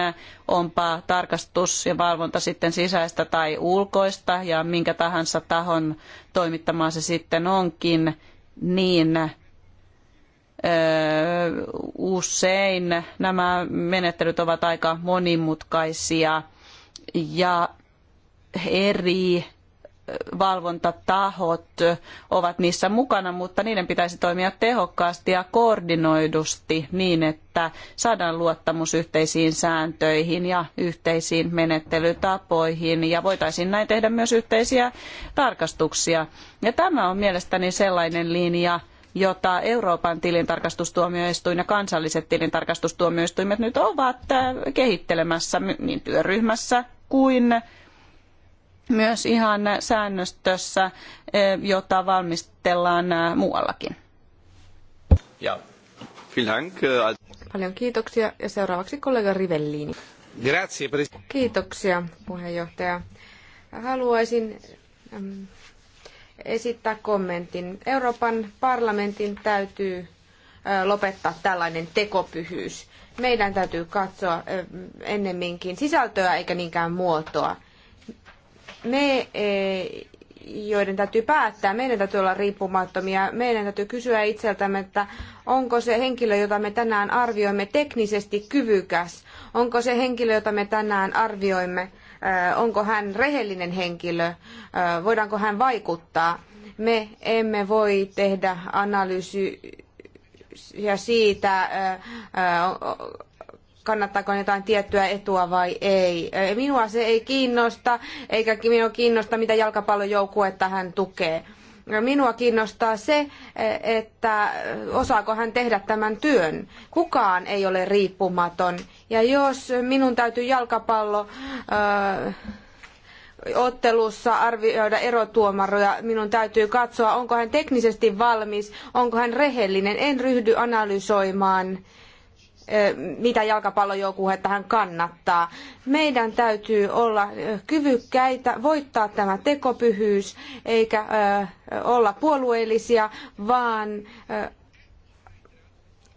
onpa tarkastus ja valvonta sitten sisäistä tai ulkoista ja minkä tahansa tahon toimittamaa se sitten onkin, niin usein nämä menettelyt ovat aika monimutkaisia ja eri valvontatahot ovat niissä mukana, mutta niiden pitäisi toimia tehokkaasti ja koordinoidusti niin, että saadaan luottamus yhteisiin sääntöihin ja yhteisiin menettelytapoihin ja voitaisiin näin tehdä myös yhteisiä tarkastuksia. Ja tämä on mielestäni sellainen linja, jota Euroopan tilintarkastustuomioistuin ja kansalliset tilintarkastustuomioistuimet nyt ovat äh, kehittelemässä niin työryhmässä kuin myös ihan säännöstössä, eh, jota valmistellaan eh, muuallakin. Ja. Eh, Paljon kiitoksia ja seuraavaksi kollega Rivellini. Grazie, Kiitoksia puheenjohtaja. Haluaisin mm, esittää kommentin. Euroopan parlamentin täytyy lopettaa tällainen tekopyhyys. Meidän täytyy katsoa ennemminkin sisältöä eikä niinkään muotoa me, e, joiden täytyy päättää, meidän täytyy olla riippumattomia. Meidän täytyy kysyä itseltämme, että onko se henkilö, jota me tänään arvioimme, teknisesti kyvykäs? Onko se henkilö, jota me tänään arvioimme, e, onko hän rehellinen henkilö? E, voidaanko hän vaikuttaa? Me emme voi tehdä analyysiä siitä, kannattaako jotain tiettyä etua vai ei. Minua se ei kiinnosta, eikä minua kiinnosta, mitä jalkapallojoukkuetta hän tukee. Minua kiinnostaa se, että osaako hän tehdä tämän työn. Kukaan ei ole riippumaton. Ja jos minun täytyy jalkapallo... Öö, ottelussa arvioida erotuomaroja, minun täytyy katsoa, onko hän teknisesti valmis, onko hän rehellinen. En ryhdy analysoimaan Eh, mitä jalkapallojoukkuetta hän kannattaa. Meidän täytyy olla eh, kyvykkäitä voittaa tämä tekopyhyys, eikä eh, olla puolueellisia, vaan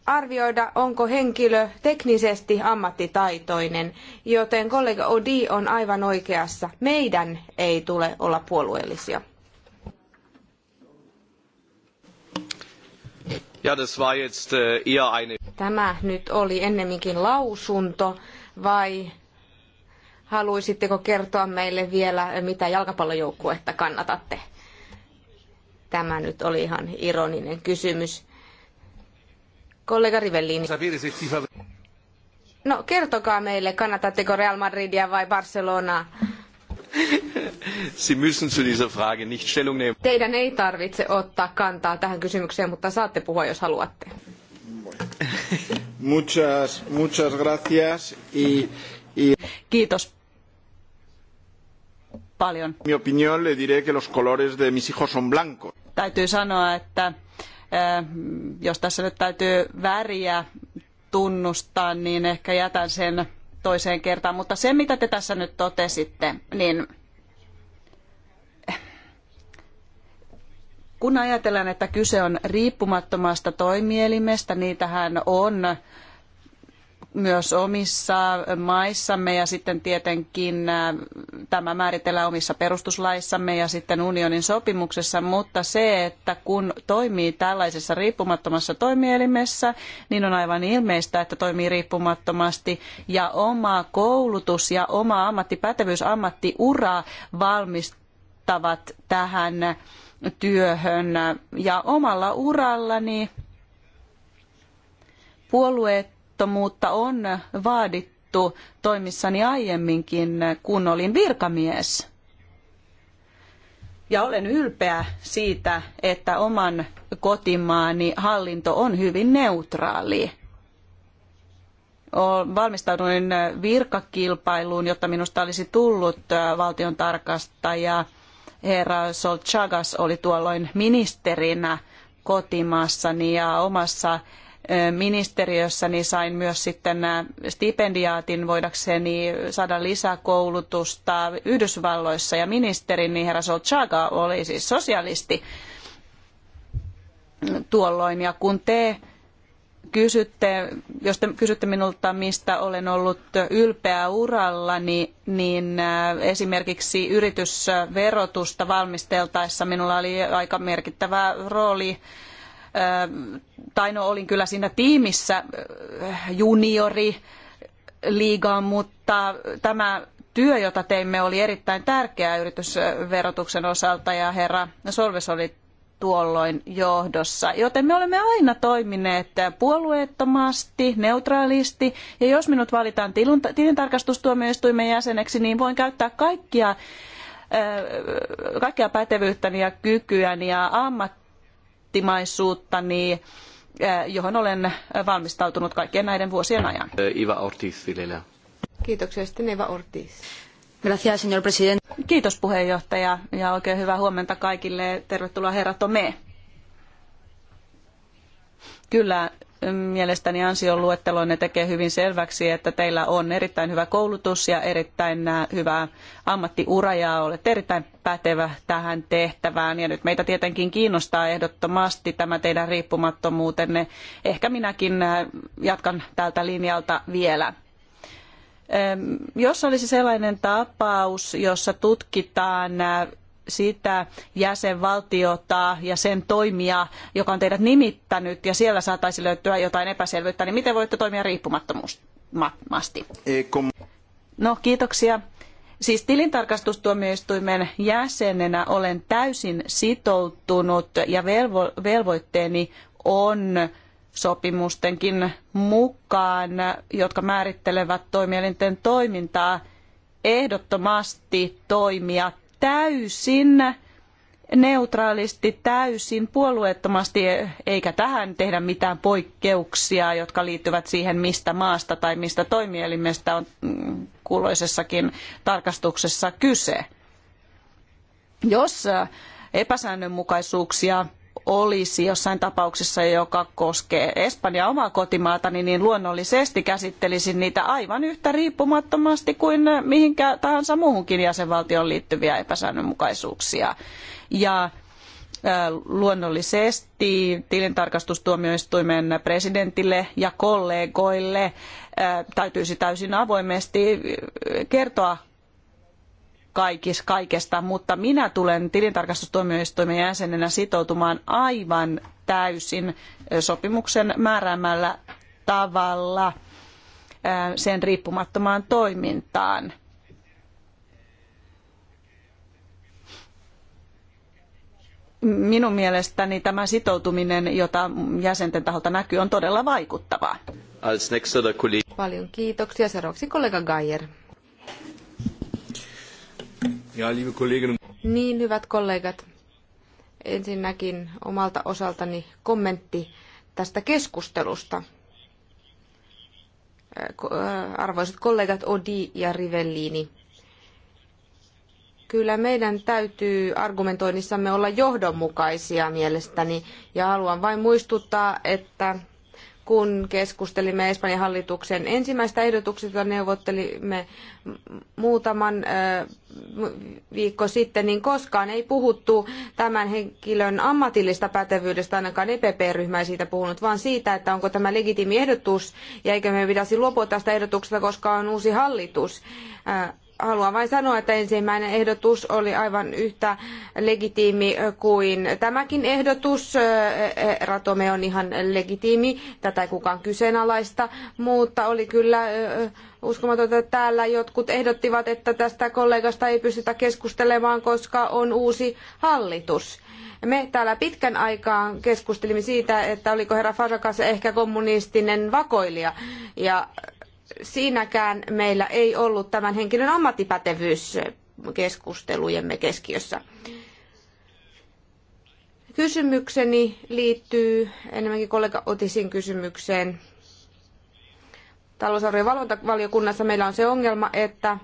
arvioida, onko henkilö teknisesti ammattitaitoinen, joten kollega Odi on aivan oikeassa. Meidän ei tule olla puolueellisia. Ja, das war jetzt eher eine tämä nyt oli ennemminkin lausunto vai haluaisitteko kertoa meille vielä, mitä jalkapallojoukkuetta kannatatte? Tämä nyt oli ihan ironinen kysymys. Kollega Rivellini. No kertokaa meille, kannatatteko Real Madridia vai Barcelonaa? Sie müssen zu dieser Frage nicht Stellung nehmen. Teidän ei tarvitse ottaa kantaa tähän kysymykseen, mutta saatte puhua, jos haluatte. Muchas, muchas gracias y, y... Kiitos paljon. Mi opinión le diré que los colores de mis hijos son blancos. Täytyy sanoa, että eh, jos tässä nyt täytyy väriä tunnustaa, niin ehkä jätän sen toiseen kertaan. Mutta se, mitä te tässä nyt totesitte, niin Kun ajatellaan, että kyse on riippumattomasta toimielimestä, niitähän on myös omissa maissamme ja sitten tietenkin tämä määritellään omissa perustuslaissamme ja sitten unionin sopimuksessa, mutta se, että kun toimii tällaisessa riippumattomassa toimielimessä, niin on aivan ilmeistä, että toimii riippumattomasti ja oma koulutus ja oma ammattipätevyys, ammattiura valmistavat tähän työhön. Ja omalla urallani puolueettomuutta on vaadittu toimissani aiemminkin, kun olin virkamies. Ja olen ylpeä siitä, että oman kotimaani hallinto on hyvin neutraali valmistauduin virkakilpailuun, jotta minusta olisi tullut valtion tarkastaja herra Solchagas oli tuolloin ministerinä kotimaassani ja omassa ministeriössäni sain myös sitten stipendiaatin voidakseni saada lisäkoulutusta Yhdysvalloissa ja ministerini herra Solchaga oli siis sosialisti tuolloin ja kun te kysytte, jos te kysytte minulta, mistä olen ollut ylpeä urallani, niin äh, esimerkiksi yritysverotusta valmisteltaessa minulla oli aika merkittävä rooli äh, tai no olin kyllä siinä tiimissä äh, juniori liigaan, mutta tämä työ, jota teimme, oli erittäin tärkeää yritysverotuksen osalta ja herra Solves oli tuolloin johdossa, joten me olemme aina toimineet puolueettomasti, neutraalisti, ja jos minut valitaan tilintarkastustuomioistuimen jäseneksi, niin voin käyttää kaikkia, kaikkia pätevyyttäni ja kykyäni ja ammattimaisuuttani, johon olen valmistautunut kaikkien näiden vuosien ajan. Iva Ortiz, Kiitoksia. Sitten Eva Ortiz. Gracias, señor presidente. Kiitos puheenjohtaja ja oikein hyvää huomenta kaikille. Tervetuloa herra Tome. Kyllä, mm, mielestäni ansion luettelonne tekee hyvin selväksi, että teillä on erittäin hyvä koulutus ja erittäin äh, hyvä ammattiura ja olet erittäin pätevä tähän tehtävään. Ja nyt meitä tietenkin kiinnostaa ehdottomasti tämä teidän riippumattomuutenne. Ehkä minäkin äh, jatkan tältä linjalta vielä. Jos olisi sellainen tapaus, jossa tutkitaan sitä jäsenvaltiota ja sen toimia, joka on teidät nimittänyt, ja siellä saataisi löytyä jotain epäselvyyttä, niin miten voitte toimia riippumattomasti? No, kiitoksia. Siis tilintarkastustuomioistuimen jäsenenä olen täysin sitoutunut ja velvo, velvoitteeni on sopimustenkin mukaan, jotka määrittelevät toimielinten toimintaa, ehdottomasti toimia täysin neutraalisti, täysin puolueettomasti, eikä tähän tehdä mitään poikkeuksia, jotka liittyvät siihen, mistä maasta tai mistä toimielimestä on kulloisessakin tarkastuksessa kyse. Jos epäsäännönmukaisuuksia olisi jossain tapauksessa, joka koskee Espanjan omaa kotimaatani, niin luonnollisesti käsittelisin niitä aivan yhtä riippumattomasti kuin mihinkä tahansa muuhunkin jäsenvaltioon liittyviä epäsäännönmukaisuuksia. Ja luonnollisesti tilintarkastustuomioistuimen presidentille ja kollegoille täytyisi täysin avoimesti kertoa kaikis, kaikesta, mutta minä tulen tilintarkastustuomioistuimen jäsenenä sitoutumaan aivan täysin sopimuksen määräämällä tavalla sen riippumattomaan toimintaan. Minun mielestäni tämä sitoutuminen, jota jäsenten taholta näkyy, on todella vaikuttavaa. Paljon kiitoksia. Seuraavaksi kollega Geier. Ja, liebe Kolleginnen. Niin, hyvät kollegat. Ensinnäkin omalta osaltani kommentti tästä keskustelusta. Äh, arvoisat kollegat Odi ja Rivellini, kyllä meidän täytyy argumentoinnissamme olla johdonmukaisia mielestäni ja haluan vain muistuttaa, että kun keskustelimme Espanjan hallituksen ensimmäistä ehdotuksesta, neuvottelimme muutaman viikko sitten, niin koskaan ei puhuttu tämän henkilön ammatillista pätevyydestä, ainakaan EPP-ryhmä ei siitä puhunut, vaan siitä, että onko tämä legitiimi ehdotus ja eikö me pitäisi luopua tästä ehdotuksesta, koska on uusi hallitus haluan vain sanoa, että ensimmäinen ehdotus oli aivan yhtä legitiimi kuin tämäkin ehdotus. Ratome on ihan legitiimi, tätä ei kukaan kyseenalaista, mutta oli kyllä uskomatonta, että täällä jotkut ehdottivat, että tästä kollegasta ei pystytä keskustelemaan, koska on uusi hallitus. Me täällä pitkän aikaa keskustelimme siitä, että oliko herra Farkas ehkä kommunistinen vakoilija. Ja siinäkään meillä ei ollut tämän henkilön ammattipätevyys keskustelujemme keskiössä. Kysymykseni liittyy enemmänkin kollega Otisin kysymykseen. Talousarvojen valvontavaliokunnassa meillä on se ongelma, että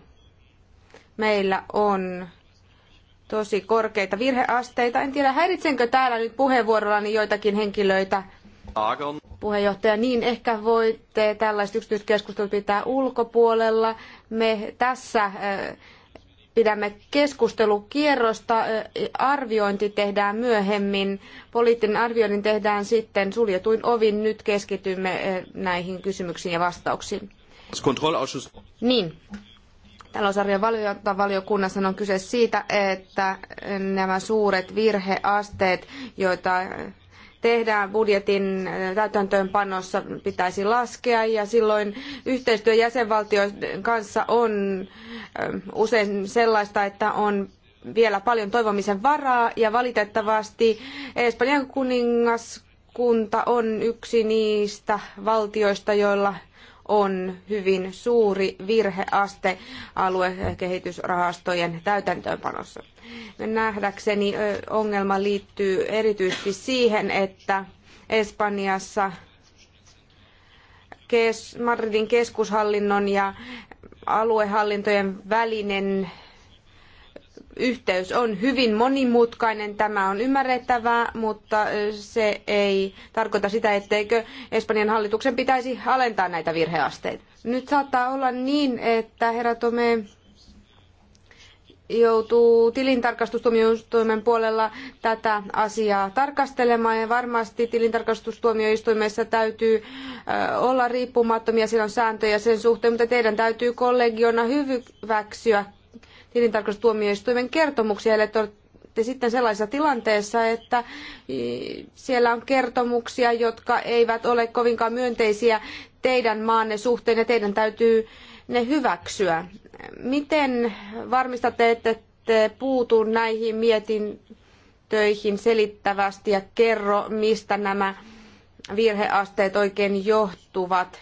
meillä on tosi korkeita virheasteita. En tiedä, häiritsenkö täällä nyt puheenvuorollani joitakin henkilöitä – Puheenjohtaja, niin ehkä voitte tällaiset yksityiskeskustelut pitää ulkopuolella. Me tässä pidämme keskustelukierrosta. Arviointi tehdään myöhemmin. Poliittinen arviointi tehdään sitten suljetuin ovin. Nyt keskitymme näihin kysymyksiin ja vastauksiin. Niin. Talousarvion valiokunnassa on kyse siitä, että nämä suuret virheasteet, joita tehdään budjetin täytäntöönpanossa, pitäisi laskea ja silloin yhteistyö jäsenvaltioiden kanssa on ähm, usein sellaista, että on vielä paljon toivomisen varaa ja valitettavasti Espanjan kuningaskunta on yksi niistä valtioista, joilla on hyvin suuri virheaste aluekehitysrahastojen täytäntöönpanossa. Nähdäkseni ongelma liittyy erityisesti siihen, että Espanjassa Madridin keskushallinnon ja aluehallintojen välinen yhteys on hyvin monimutkainen, tämä on ymmärrettävää, mutta se ei tarkoita sitä, etteikö Espanjan hallituksen pitäisi alentaa näitä virheasteita. Nyt saattaa olla niin, että herra Tome joutuu tilintarkastustuomioistuimen puolella tätä asiaa tarkastelemaan ja varmasti tilintarkastustuomioistuimessa täytyy olla riippumattomia, siellä on sääntöjä sen suhteen, mutta teidän täytyy kollegiona hyväksyä tilintarkastustuomioistuimen kertomuksia, eli olette sitten sellaisessa tilanteessa, että siellä on kertomuksia, jotka eivät ole kovinkaan myönteisiä teidän maanne suhteen ja teidän täytyy ne hyväksyä. Miten varmistatte, että te puutu näihin mietintöihin selittävästi ja kerro, mistä nämä virheasteet oikein johtuvat?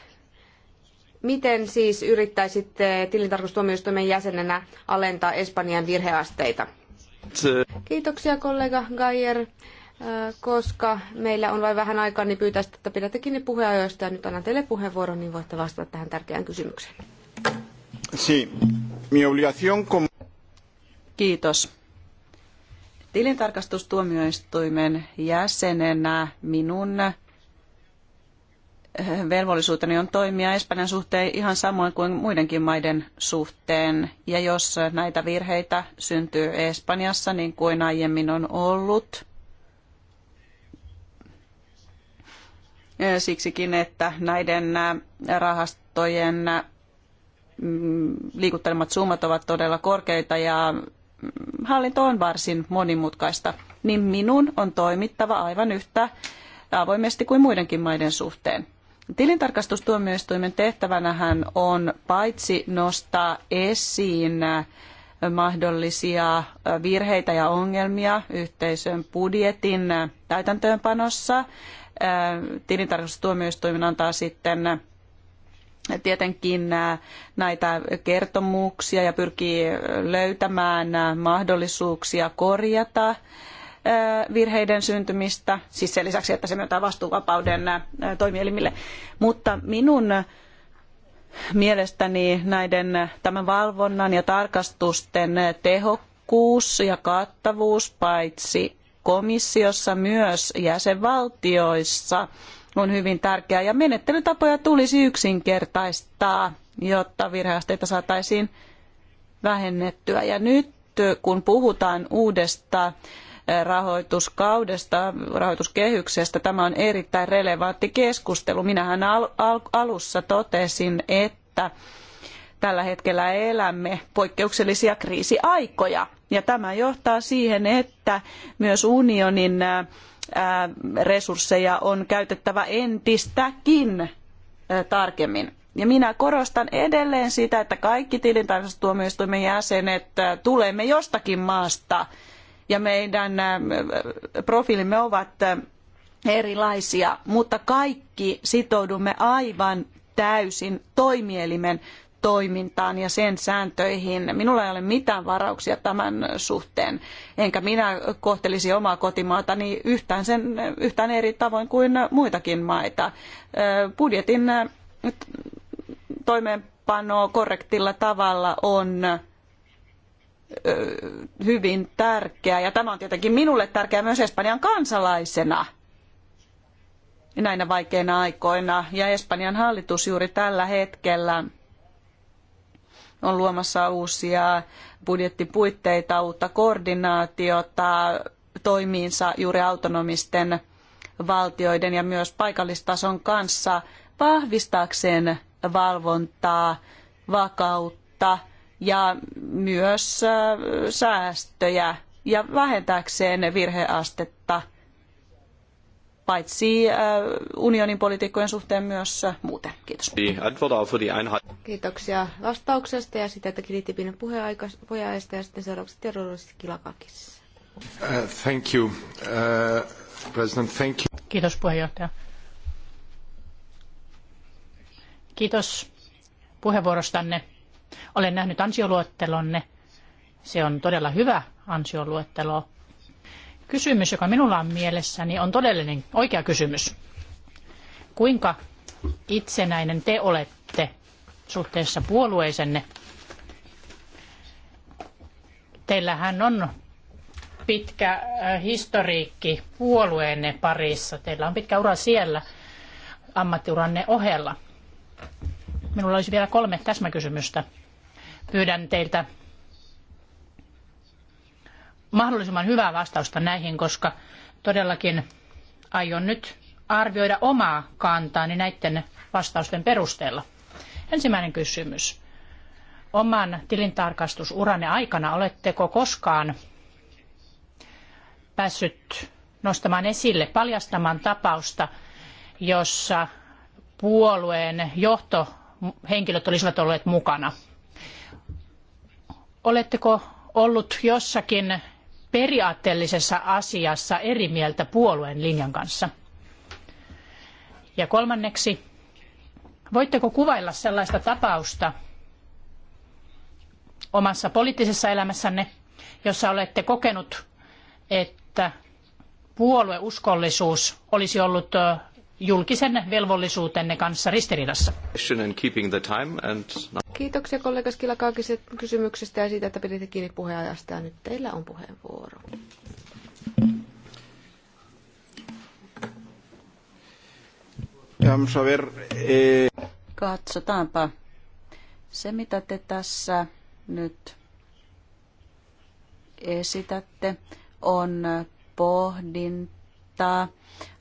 Miten siis yrittäisitte tilintarkastustuomioistuimen jäsenenä alentaa Espanjan virheasteita? Kiitoksia kollega Gayer. Äh, koska meillä on vain vähän aikaa, niin pyytäisin, että pidätte kiinni puheajoista ja nyt annan teille puheenvuoron, niin voitte vastata tähän tärkeään kysymykseen. Kiitos. Tilintarkastustuomioistuimen jäsenenä minun velvollisuuteni on toimia Espanjan suhteen ihan samoin kuin muidenkin maiden suhteen. Ja jos näitä virheitä syntyy Espanjassa niin kuin aiemmin on ollut, siksikin, että näiden rahastojen liikuttelemat summat ovat todella korkeita ja hallinto on varsin monimutkaista, niin minun on toimittava aivan yhtä avoimesti kuin muidenkin maiden suhteen. Tilintarkastustuomioistuimen tehtävänähän on paitsi nostaa esiin mahdollisia virheitä ja ongelmia yhteisön budjetin täytäntöönpanossa. Tilintarkastustuomioistuimen antaa sitten tietenkin näitä kertomuksia ja pyrkii löytämään mahdollisuuksia korjata virheiden syntymistä, siis sen lisäksi, että se myöntää vastuuvapauden toimielimille. Mutta minun mielestäni näiden tämän valvonnan ja tarkastusten tehokkuus ja kattavuus paitsi komissiossa myös jäsenvaltioissa on hyvin tärkeää ja menettelytapoja tulisi yksinkertaistaa, jotta virheasteita saataisiin vähennettyä. Ja nyt kun puhutaan uudesta rahoituskaudesta, rahoituskehyksestä. Tämä on erittäin relevantti keskustelu. Minähän al- al- alussa totesin, että tällä hetkellä elämme poikkeuksellisia kriisiaikoja. Ja tämä johtaa siihen, että myös unionin resursseja on käytettävä entistäkin tarkemmin. Ja minä korostan edelleen sitä, että kaikki tilintarkastustuomioistuimen jäsenet tulemme jostakin maasta – ja meidän äh, profiilimme ovat äh, erilaisia, mutta kaikki sitoudumme aivan täysin toimielimen toimintaan ja sen sääntöihin. Minulla ei ole mitään varauksia tämän suhteen, enkä minä kohtelisi omaa kotimaatani yhtään, sen, yhtään eri tavoin kuin muitakin maita. Äh, budjetin toimeenpano korrektilla tavalla on hyvin tärkeä. Ja tämä on tietenkin minulle tärkeää myös Espanjan kansalaisena näinä vaikeina aikoina. Ja Espanjan hallitus juuri tällä hetkellä on luomassa uusia budjettipuitteita, uutta koordinaatiota toimiinsa juuri autonomisten valtioiden ja myös paikallistason kanssa vahvistaakseen valvontaa, vakautta – ja myös säästöjä ja vähentääkseen virheastetta paitsi unionin poliitikkojen suhteen myös muuten. Kiitos. Kiitoksia vastauksesta ja sitä, että kiritipinen puheenjohtajasta ja sitten seuraavaksi terroristi Kilakakis. Uh, thank you. Uh, President, thank you. Kiitos puheenjohtaja. Kiitos puheenvuorostanne. Olen nähnyt ansioluettelonne. Se on todella hyvä ansioluettelo. Kysymys, joka minulla on mielessäni, on todellinen oikea kysymys. Kuinka itsenäinen te olette suhteessa puolueisenne? Teillähän on pitkä äh, historiikki puolueenne parissa. Teillä on pitkä ura siellä ammattiuranne ohella. Minulla olisi vielä kolme täsmäkysymystä. Pyydän teiltä mahdollisimman hyvää vastausta näihin, koska todellakin aion nyt arvioida omaa kantaani näiden vastausten perusteella. Ensimmäinen kysymys. Oman tilintarkastusuranne aikana oletteko koskaan päässyt nostamaan esille, paljastamaan tapausta, jossa puolueen johto henkilöt olisivat olleet mukana. Oletteko ollut jossakin periaatteellisessa asiassa eri mieltä puolueen linjan kanssa? Ja kolmanneksi, voitteko kuvailla sellaista tapausta omassa poliittisessa elämässänne, jossa olette kokenut, että puolueuskollisuus olisi ollut julkisen velvollisuutenne kanssa ristiriidassa. Kiitoksia kollega Skilakaakis kysymyksestä ja siitä, että piditte kiinni puheenajasta Ja nyt teillä on puheenvuoro. Eh, Katsotaanpa. Se, mitä te tässä nyt esitätte, on pohdinta kannattaa.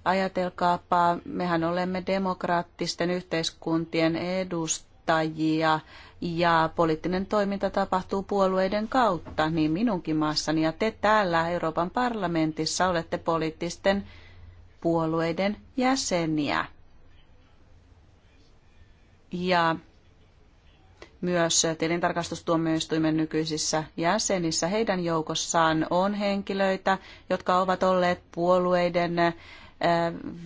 Ajatelkaapa, mehän olemme demokraattisten yhteiskuntien edustajia ja poliittinen toiminta tapahtuu puolueiden kautta, niin minunkin maassani. Ja te täällä Euroopan parlamentissa olette poliittisten puolueiden jäseniä. Ja myös tilintarkastustuomioistuimen nykyisissä jäsenissä. Heidän joukossaan on henkilöitä, jotka ovat olleet puolueiden äh,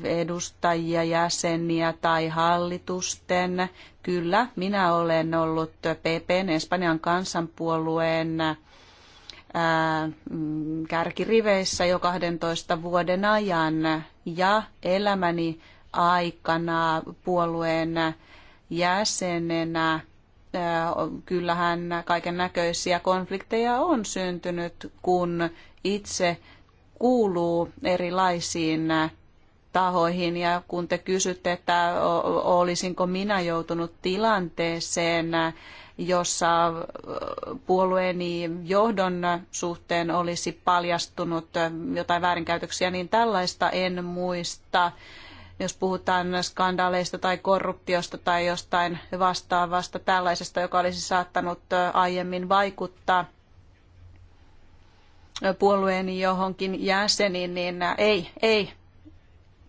edustajia, jäseniä tai hallitusten. Kyllä, minä olen ollut PPn Espanjan kansanpuolueen äh, mm, kärkiriveissä jo 12 vuoden ajan ja elämäni aikana puolueen jäsenenä kyllähän kaiken näköisiä konflikteja on syntynyt, kun itse kuuluu erilaisiin tahoihin ja kun te kysytte, että olisinko minä joutunut tilanteeseen, jossa puolueeni johdon suhteen olisi paljastunut jotain väärinkäytöksiä, niin tällaista en muista jos puhutaan skandaaleista tai korruptiosta tai jostain vastaavasta tällaisesta, joka olisi saattanut aiemmin vaikuttaa puolueen johonkin jäseniin, niin ei, ei.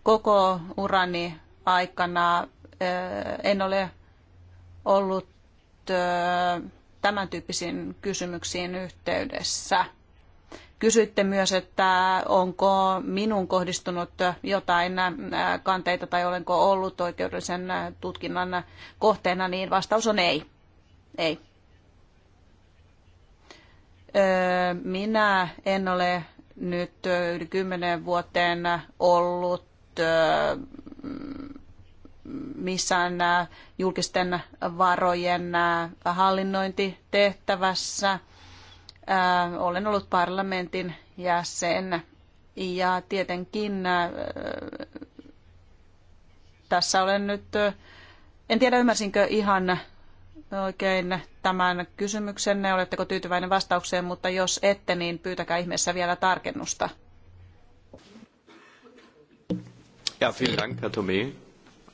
Koko urani aikana en ole ollut tämän tyyppisiin kysymyksiin yhteydessä. Kysyitte myös, että onko minun kohdistunut jotain äh, kanteita tai olenko ollut oikeudellisen äh, tutkinnan kohteena, niin vastaus on ei. Ei. Öö, minä en ole nyt yli kymmenen vuoteen ollut missään julkisten varojen hallinnointitehtävässä – Äh, olen ollut parlamentin jäsen ja tietenkin äh, tässä olen nyt, äh, en tiedä ymmärsinkö ihan oikein tämän kysymyksenne, oletteko tyytyväinen vastaukseen, mutta jos ette, niin pyytäkää ihmeessä vielä tarkennusta. Ja, vielen Dank, Herr Tomé.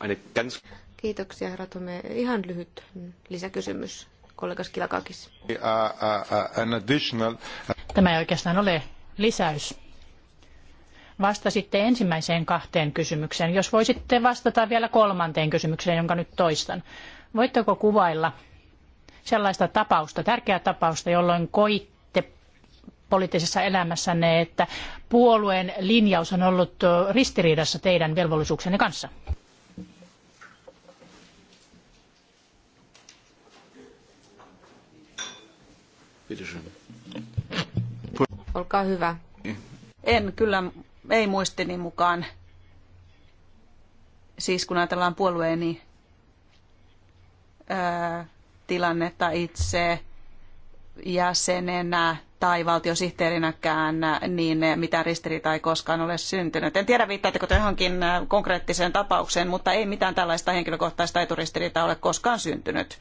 Eine ganz... Kiitoksia, herra Tomé. Ihan lyhyt lisäkysymys kollega Skilakakis. Tämä ei oikeastaan ole lisäys. Vastasitte ensimmäiseen kahteen kysymykseen. Jos voisitte vastata vielä kolmanteen kysymykseen, jonka nyt toistan. Voitteko kuvailla sellaista tapausta, tärkeää tapausta, jolloin koitte poliittisessa elämässänne, että puolueen linjaus on ollut ristiriidassa teidän velvollisuuksenne kanssa? Olkaa hyvä. En kyllä, ei muistini mukaan. Siis kun ajatellaan puolueeni ää, tilannetta itse jäsenenä tai valtiosihteerinäkään, niin mitään ristiriitaa ei koskaan ole syntynyt. En tiedä, viittaatteko te johonkin konkreettiseen tapaukseen, mutta ei mitään tällaista henkilökohtaista eturistiriitaa ole koskaan syntynyt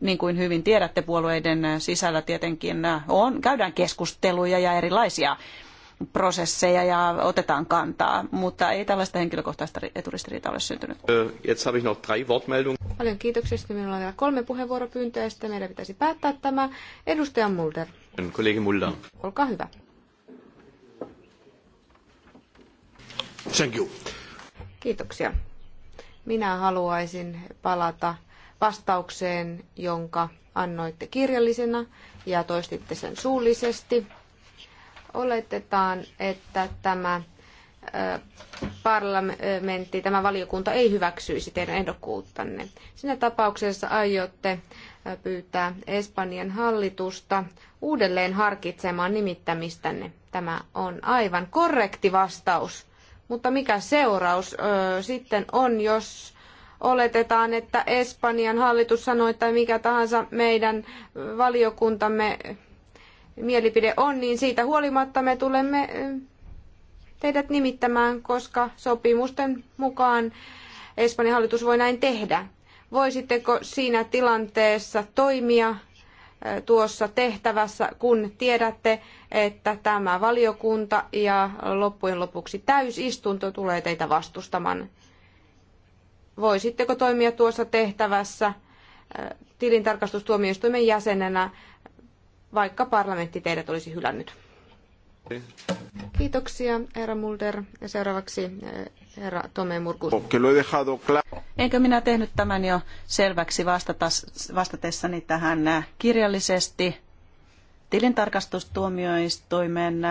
niin kuin hyvin tiedätte, puolueiden sisällä tietenkin on, käydään keskusteluja ja erilaisia prosesseja ja otetaan kantaa, mutta ei tällaista henkilökohtaista eturistiriitaa ole syntynyt. Jetzt habe ich noch drei Paljon kiitoksia. minulla on vielä kolme puheenvuoropyyntöä ja sitten meidän pitäisi päättää tämä. Edustaja Mulder. Kollegi Mulder. Olkaa hyvä. Thank you. Kiitoksia. Minä haluaisin palata vastaukseen, jonka annoitte kirjallisena ja toistitte sen suullisesti. Oletetaan, että tämä parlamentti, tämä valiokunta ei hyväksyisi teidän ehdokkuuttanne. Siinä tapauksessa aiotte pyytää Espanjan hallitusta uudelleen harkitsemaan nimittämistänne. Tämä on aivan korrekti vastaus, mutta mikä seuraus sitten on, jos oletetaan, että Espanjan hallitus sanoi tai mikä tahansa meidän valiokuntamme mielipide on, niin siitä huolimatta me tulemme eh, teidät nimittämään, koska sopimusten mukaan Espanjan hallitus voi näin tehdä. Voisitteko siinä tilanteessa toimia eh, tuossa tehtävässä, kun tiedätte, että tämä valiokunta ja loppujen lopuksi täysistunto tulee teitä vastustamaan? voisitteko toimia tuossa tehtävässä äh, tilintarkastustuomioistuimen jäsenenä, vaikka parlamentti teidät olisi hylännyt? Kiitoksia, herra Mulder. Ja seuraavaksi äh, herra Tome Murkus. Enkö minä tehnyt tämän jo selväksi vastatessani tähän äh, kirjallisesti? Tilintarkastustuomioistuimen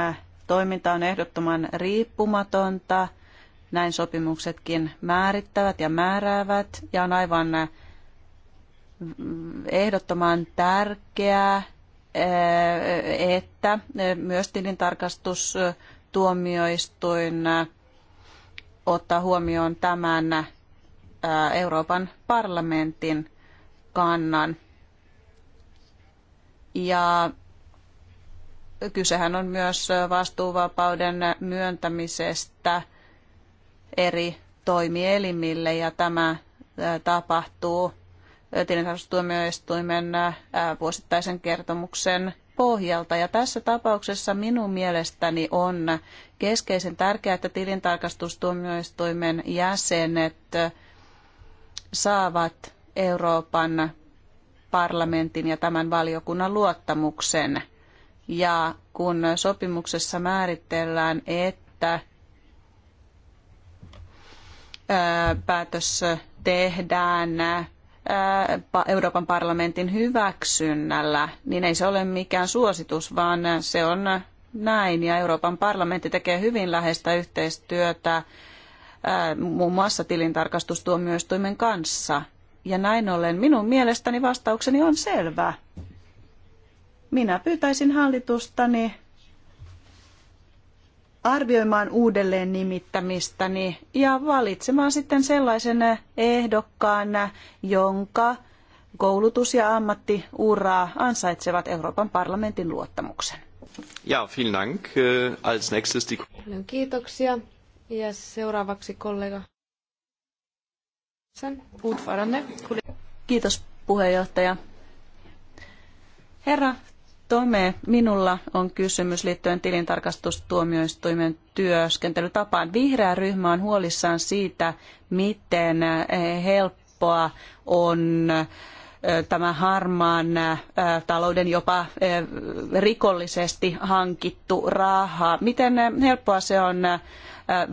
toiminta on ehdottoman riippumatonta – näin sopimuksetkin määrittävät ja määräävät ja on aivan äh, ehdottoman tärkeää, äh, että äh, myös tilintarkastustuomioistuin ottaa huomioon tämän Euroopan parlamentin kannan. Ja kysehän on myös vastuuvapauden myöntämisestä eri toimielimille ja tämä tapahtuu tilintarkastustuomioistuimen vuosittaisen kertomuksen pohjalta. Ja tässä tapauksessa minun mielestäni on keskeisen tärkeää, että tilintarkastustuomioistuimen jäsenet saavat Euroopan parlamentin ja tämän valiokunnan luottamuksen. Ja kun sopimuksessa määritellään, että päätös tehdään Euroopan parlamentin hyväksynnällä, niin ei se ole mikään suositus, vaan se on näin. Ja Euroopan parlamentti tekee hyvin läheistä yhteistyötä muun muassa tilintarkastustuomioistuimen kanssa. Ja näin ollen minun mielestäni vastaukseni on selvä. Minä pyytäisin hallitustani arvioimaan uudelleen nimittämistäni ja valitsemaan sitten sellaisen ehdokkaan, jonka koulutus- ja ammattiuraa ansaitsevat Euroopan parlamentin luottamuksen. Ja, vielen Dank. Äh, als nächstes die... kiitoksia. Ja seuraavaksi kollega. Ordförande. Kiitos puheenjohtaja. Herra Tome, minulla on kysymys liittyen tilintarkastustuomioistuimen työskentelytapaan. Vihreä ryhmä on huolissaan siitä, miten eh, helppoa on eh, tämä harmaan eh, talouden jopa rikollisesti hankittu raha. Miten helppoa se on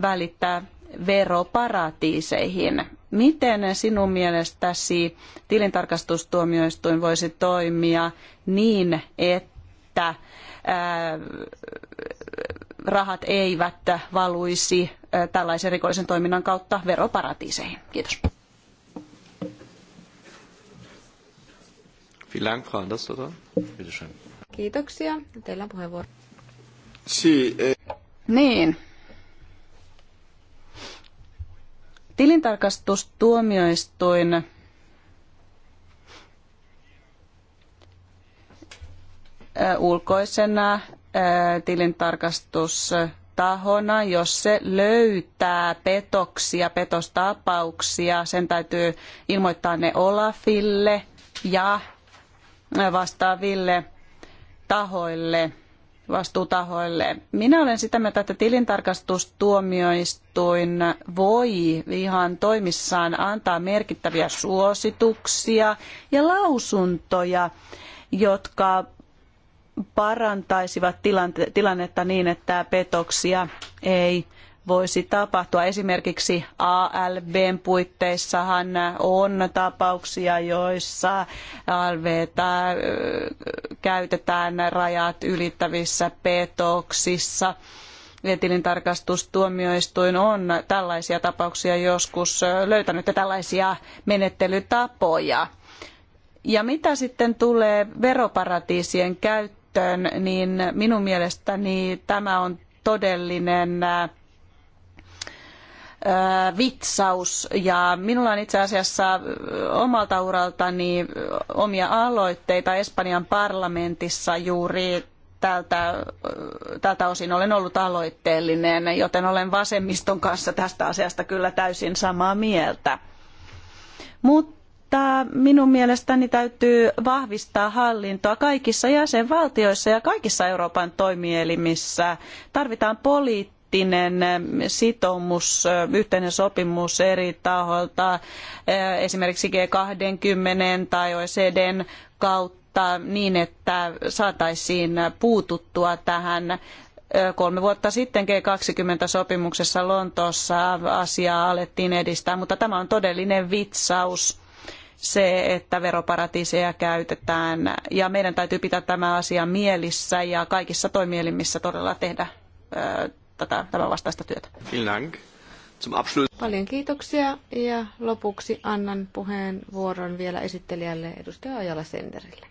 välittää veroparatiiseihin? Miten sinun mielestäsi tilintarkastustuomioistuin voisi toimia niin, että rahat eivät valuisi tällaisen rikollisen toiminnan kautta veroparatiiseihin? Kiitos. Kiitoksia. Teillä on puheenvuoro. Eh. Niin, Tilintarkastustuomioistuin ulkoisena tilintarkastustahona, jos se löytää petoksia, petostapauksia, sen täytyy ilmoittaa ne Olafille ja vastaaville tahoille – vastuutahoille. Minä olen sitä mieltä, että tilintarkastustuomioistuin voi ihan toimissaan antaa merkittäviä suosituksia ja lausuntoja, jotka parantaisivat tilannetta niin, että petoksia ei voisi tapahtua. Esimerkiksi ALBn puitteissahan on tapauksia, joissa ALVtä käytetään rajat ylittävissä petoksissa tilintarkastustuomioistuin on tällaisia tapauksia joskus löytänyt ja tällaisia menettelytapoja. Ja mitä sitten tulee veroparatiisien käyttöön, niin minun mielestäni tämä on todellinen vitsaus ja minulla on itse asiassa omalta uraltani omia aloitteita Espanjan parlamentissa juuri tältä, tältä osin olen ollut aloitteellinen, joten olen vasemmiston kanssa tästä asiasta kyllä täysin samaa mieltä. Mutta minun mielestäni täytyy vahvistaa hallintoa kaikissa jäsenvaltioissa ja kaikissa Euroopan toimielimissä. Tarvitaan poliittisia poliittinen sitoumus, yhteinen sopimus eri taholta, esimerkiksi G20 tai OECDn kautta niin, että saataisiin puututtua tähän kolme vuotta sitten G20-sopimuksessa Lontoossa asiaa alettiin edistää, mutta tämä on todellinen vitsaus se, että veroparatiiseja käytetään ja meidän täytyy pitää tämä asia mielissä ja kaikissa toimielimissä todella tehdä tätä, tämän vastaista työtä. Paljon kiitoksia ja lopuksi annan puheenvuoron vielä esittelijälle edustaja Ajala Senderille.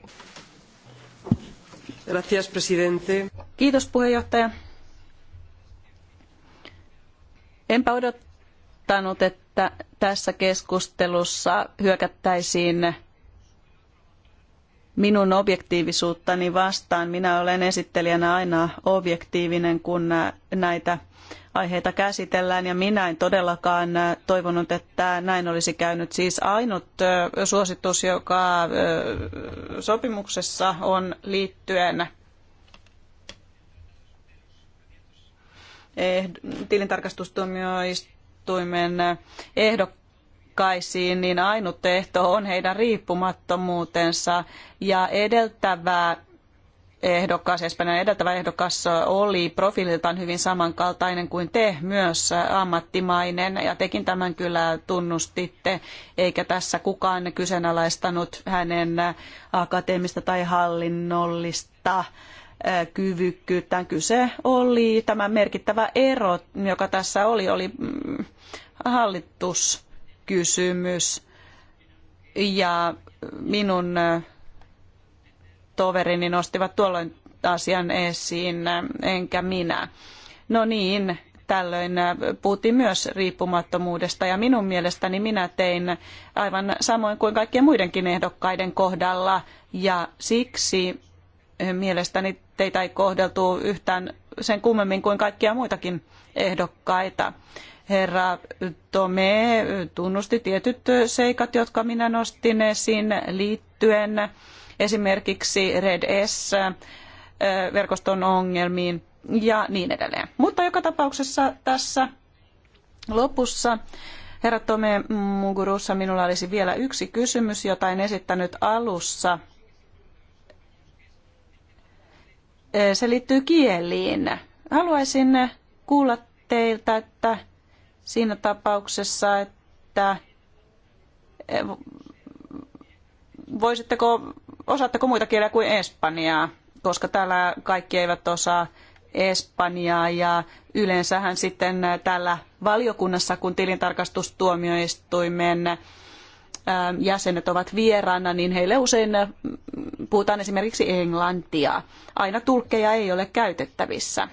Gracias, presidente. Kiitos puheenjohtaja. Enpä odottanut, että tässä keskustelussa hyökättäisiin minun objektiivisuuttani vastaan. Minä olen esittelijänä aina objektiivinen, kun näitä aiheita käsitellään ja minä en todellakaan toivonut, että näin olisi käynyt. Siis ainut suositus, joka sopimuksessa on liittyen eh, tilintarkastustuomioistuimen ehdokkaan, rikkaisiin, niin ainut ehto on heidän riippumattomuutensa ja edeltävä ehdokas, Espanjan edeltävä ehdokas oli profiililtaan hyvin samankaltainen kuin te, myös ammattimainen, ja tekin tämän kyllä tunnustitte, eikä tässä kukaan kyseenalaistanut hänen akateemista tai hallinnollista kyvykkyyttään. Kyse oli tämä merkittävä ero, joka tässä oli, oli mm, hallitus kysymys. Ja minun toverini nostivat tuolloin asian esiin, enkä minä. No niin, tällöin puhuttiin myös riippumattomuudesta ja minun mielestäni minä tein aivan samoin kuin kaikkien muidenkin ehdokkaiden kohdalla ja siksi mielestäni teitä ei kohdeltu yhtään sen kummemmin kuin kaikkia muitakin ehdokkaita herra Tome tunnusti tietyt seikat, jotka minä nostin esiin liittyen esimerkiksi Red S-verkoston ongelmiin ja niin edelleen. Mutta joka tapauksessa tässä lopussa Herra Tome Mugurussa, minulla olisi vielä yksi kysymys, jota en esittänyt alussa. Se liittyy kieliin. Haluaisin kuulla teiltä, että siinä tapauksessa, että eh, voisitteko, osaatteko muita kieliä kuin espanjaa, koska täällä kaikki eivät osaa espanjaa ja yleensähän sitten täällä valiokunnassa, kun tilintarkastustuomioistuimen eh, jäsenet ovat vieraana, niin heille usein mm, puhutaan esimerkiksi englantia. Aina tulkkeja ei ole käytettävissä.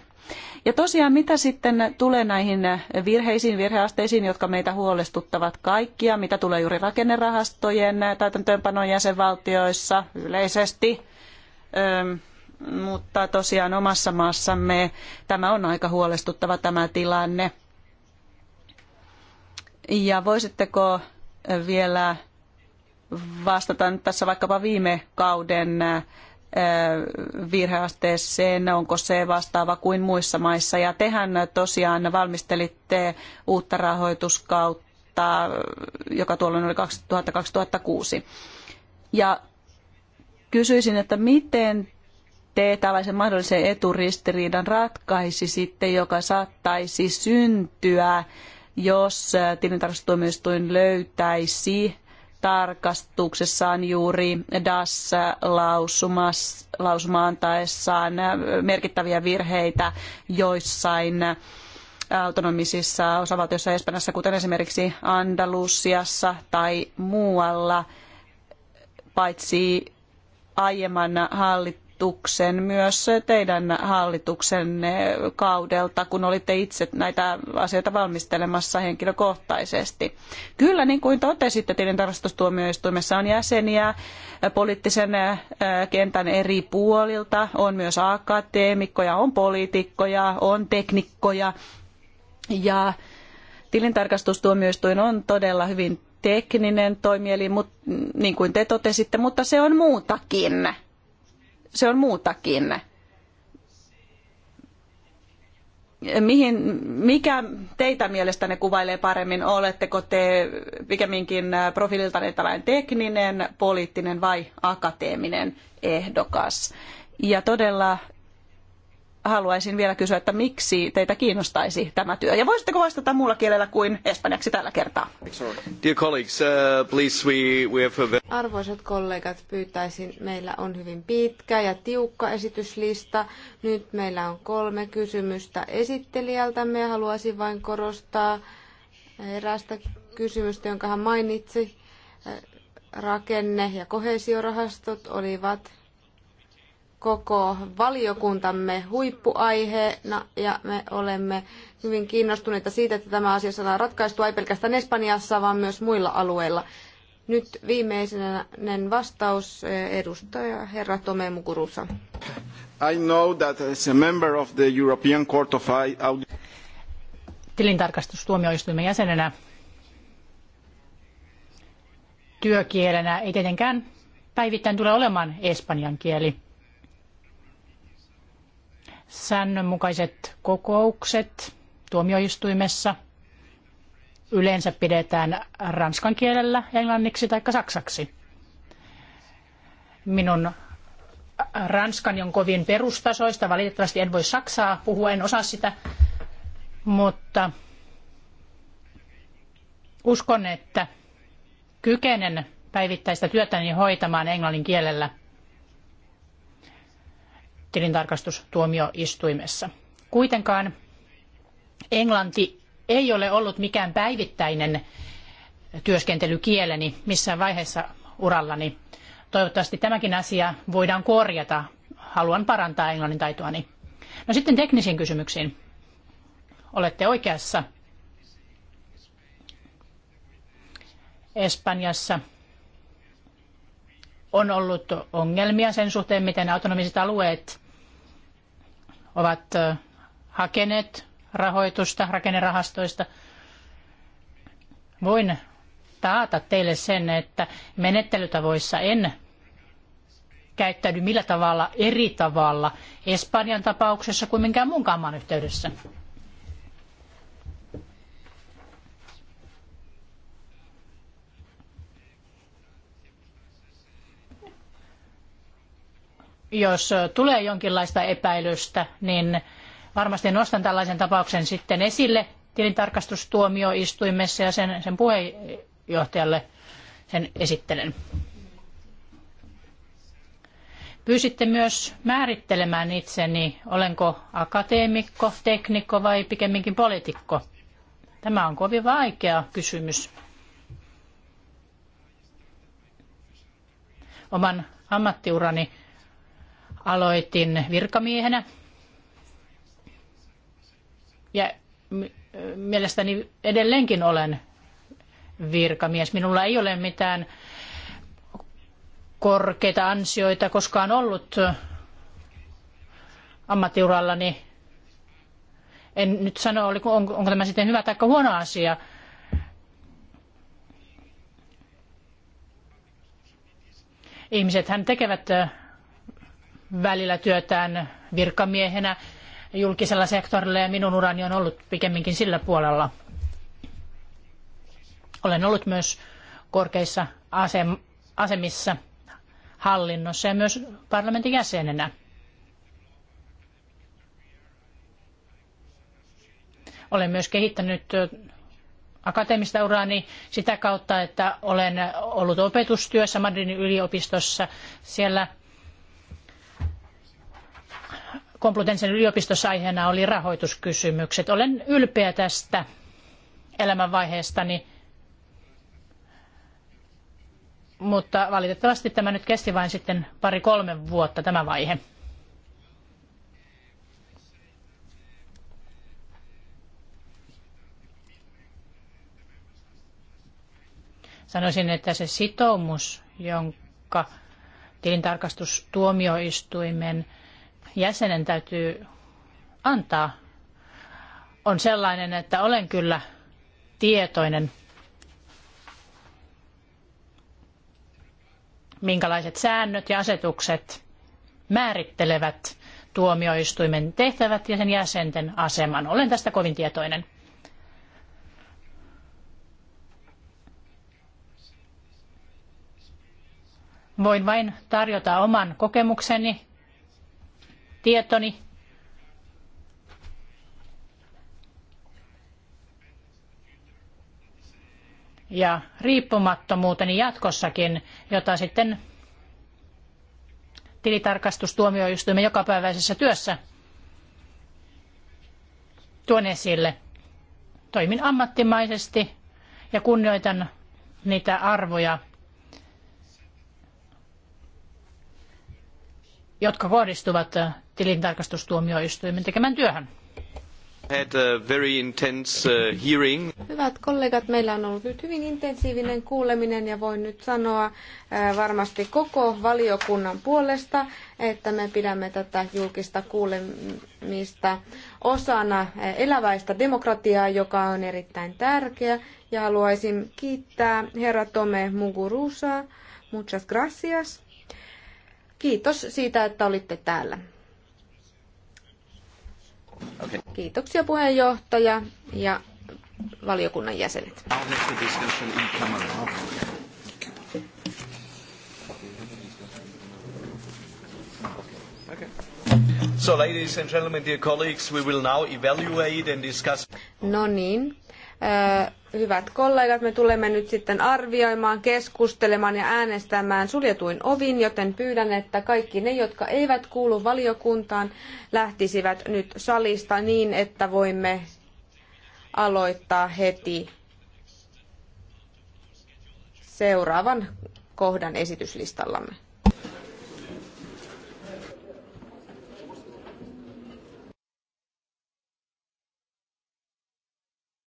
Ja tosiaan mitä sitten tulee näihin virheisiin, virheasteisiin, jotka meitä huolestuttavat kaikkia, mitä tulee juuri rakennerahastojen täytäntöönpanon jäsenvaltioissa yleisesti, mutta tosiaan omassa maassamme tämä on aika huolestuttava tämä tilanne. Ja voisitteko vielä vastata nyt tässä vaikkapa viime kauden virheasteeseen, onko se vastaava kuin muissa maissa. Ja tehän tosiaan valmistelitte uutta rahoituskautta, joka tuolloin oli 2000-2006. Ja kysyisin, että miten te tällaisen mahdollisen eturistiriidan sitten, joka saattaisi syntyä, jos tilintarkastustuomioistuin löytäisi tarkastuksessaan juuri DAS lausuma antaessaan merkittäviä virheitä joissain autonomisissa osavaltioissa Espanjassa, kuten esimerkiksi Andalusiassa tai muualla, paitsi aiemman hallit hallituksen myös teidän hallituksenne kaudelta, kun olitte itse näitä asioita valmistelemassa henkilökohtaisesti. Kyllä, niin kuin totesitte, tilintarkastustuomioistuimessa on jäseniä poliittisen kentän eri puolilta, on myös akateemikkoja, on poliitikkoja, on teknikkoja ja tilintarkastustuomioistuin on todella hyvin tekninen toimieli, niin kuin te totesitte, mutta se on muutakin se on muutakin. Mihin, mikä teitä mielestänne kuvailee paremmin? Oletteko te pikemminkin äh, profiililtanne tällainen tekninen, poliittinen vai akateeminen ehdokas? Ja todella haluaisin vielä kysyä, että miksi teitä kiinnostaisi tämä työ? Ja voisitteko vastata muulla kielellä kuin espanjaksi tällä kertaa? Dear colleagues, uh, please we, we have a... Arvoisat kollegat, pyytäisin, meillä on hyvin pitkä ja tiukka esityslista. Nyt meillä on kolme kysymystä esittelijältämme ja haluaisin vain korostaa erästä kysymystä, jonka hän mainitsi. Rakenne- ja kohesiorahastot olivat koko valiokuntamme huippuaiheena ja me olemme hyvin kiinnostuneita siitä, että tämä asia saadaan ratkaistua ei pelkästään Espanjassa, vaan myös muilla alueilla. Nyt viimeinen vastaus eh, edustaja herra Tome Mukurusa. I know that as a member of the European Court of Audit... Tilintarkastustuomioistuimen jäsenenä työkielenä ei tietenkään päivittäin tule olemaan espanjan kieli säännönmukaiset kokoukset tuomioistuimessa yleensä pidetään ranskan kielellä, englanniksi tai saksaksi. Minun ranskani on kovin perustasoista, valitettavasti en voi saksaa puhua, en osaa sitä, mutta uskon, että kykenen päivittäistä työtäni hoitamaan englannin kielellä – tilintarkastustuomioistuimessa. Kuitenkaan englanti ei ole ollut mikään päivittäinen työskentelykieleni missään vaiheessa urallani. Toivottavasti tämäkin asia voidaan korjata. Haluan parantaa englannin taitoani. No sitten teknisiin kysymyksiin. Olette oikeassa. Espanjassa on ollut ongelmia sen suhteen, miten autonomiset alueet ovat hakeneet rahoitusta rakennerahastoista. Voin taata teille sen, että menettelytavoissa en käyttäydy millä tavalla eri tavalla Espanjan tapauksessa kuin minkään muunkaan maan yhteydessä. jos tulee jonkinlaista epäilystä, niin varmasti nostan tällaisen tapauksen sitten esille tilintarkastustuomioistuimessa ja sen, sen puheenjohtajalle sen esittelen. Pyysitte myös määrittelemään itseni, olenko akateemikko, teknikko vai pikemminkin poliitikko. Tämä on kovin vaikea kysymys. Oman ammattiurani aloitin virkamiehenä. Ja mielestäni edelleenkin olen virkamies. Minulla ei ole mitään korkeita ansioita koskaan ollut ammattiurallani. En nyt sano, onko, onko tämä sitten hyvä tai huono asia. Ihmiset hän tekevät välillä työtään virkamiehenä julkisella sektorilla ja minun urani on ollut pikemminkin sillä puolella. Olen ollut myös korkeissa asemissa hallinnossa ja myös parlamentin jäsenenä. Olen myös kehittänyt akateemista uraani sitä kautta, että olen ollut opetustyössä Madridin yliopistossa. Siellä Komplutensen yliopistossa aiheena oli rahoituskysymykset. Olen ylpeä tästä elämänvaiheestani, mutta valitettavasti tämä nyt kesti vain sitten pari-kolme vuotta tämä vaihe. sanoisin, että se sitoumus, jonka tilintarkastustuomioistuimen jäsenen täytyy antaa, on sellainen, että olen kyllä tietoinen, minkälaiset säännöt ja asetukset määrittelevät tuomioistuimen tehtävät ja sen jäsenten aseman. Olen tästä kovin tietoinen. Voin vain tarjota oman kokemukseni tietoni. Ja riippumattomuuteni jatkossakin, jota sitten tilitarkastustuomioistuimen jokapäiväisessä työssä tuon esille. Toimin ammattimaisesti ja kunnioitan niitä arvoja, jotka kohdistuvat äh, tilintarkastustuomioistuimen tekemään työhön. Uh, Hyvät kollegat, meillä on ollut nyt hyvin intensiivinen kuuleminen ja voin nyt sanoa äh, varmasti koko valiokunnan puolesta, että me pidämme tätä julkista kuulemista osana äh, eläväistä demokratiaa, joka on erittäin tärkeä. Ja haluaisin kiittää herra Tome Mugurusa. Muchas gracias Kiitos siitä, että olitte täällä. Okay. Kiitoksia puheenjohtaja ja valiokunnan jäsenet. So, ladies and gentlemen, dear colleagues, we will now evaluate and discuss. No niin hyvät kollegat, me tulemme nyt sitten arvioimaan, keskustelemaan ja äänestämään suljetuin ovin, joten pyydän, että kaikki ne, jotka eivät kuulu valiokuntaan, lähtisivät nyt salista niin, että voimme aloittaa heti seuraavan kohdan esityslistallamme.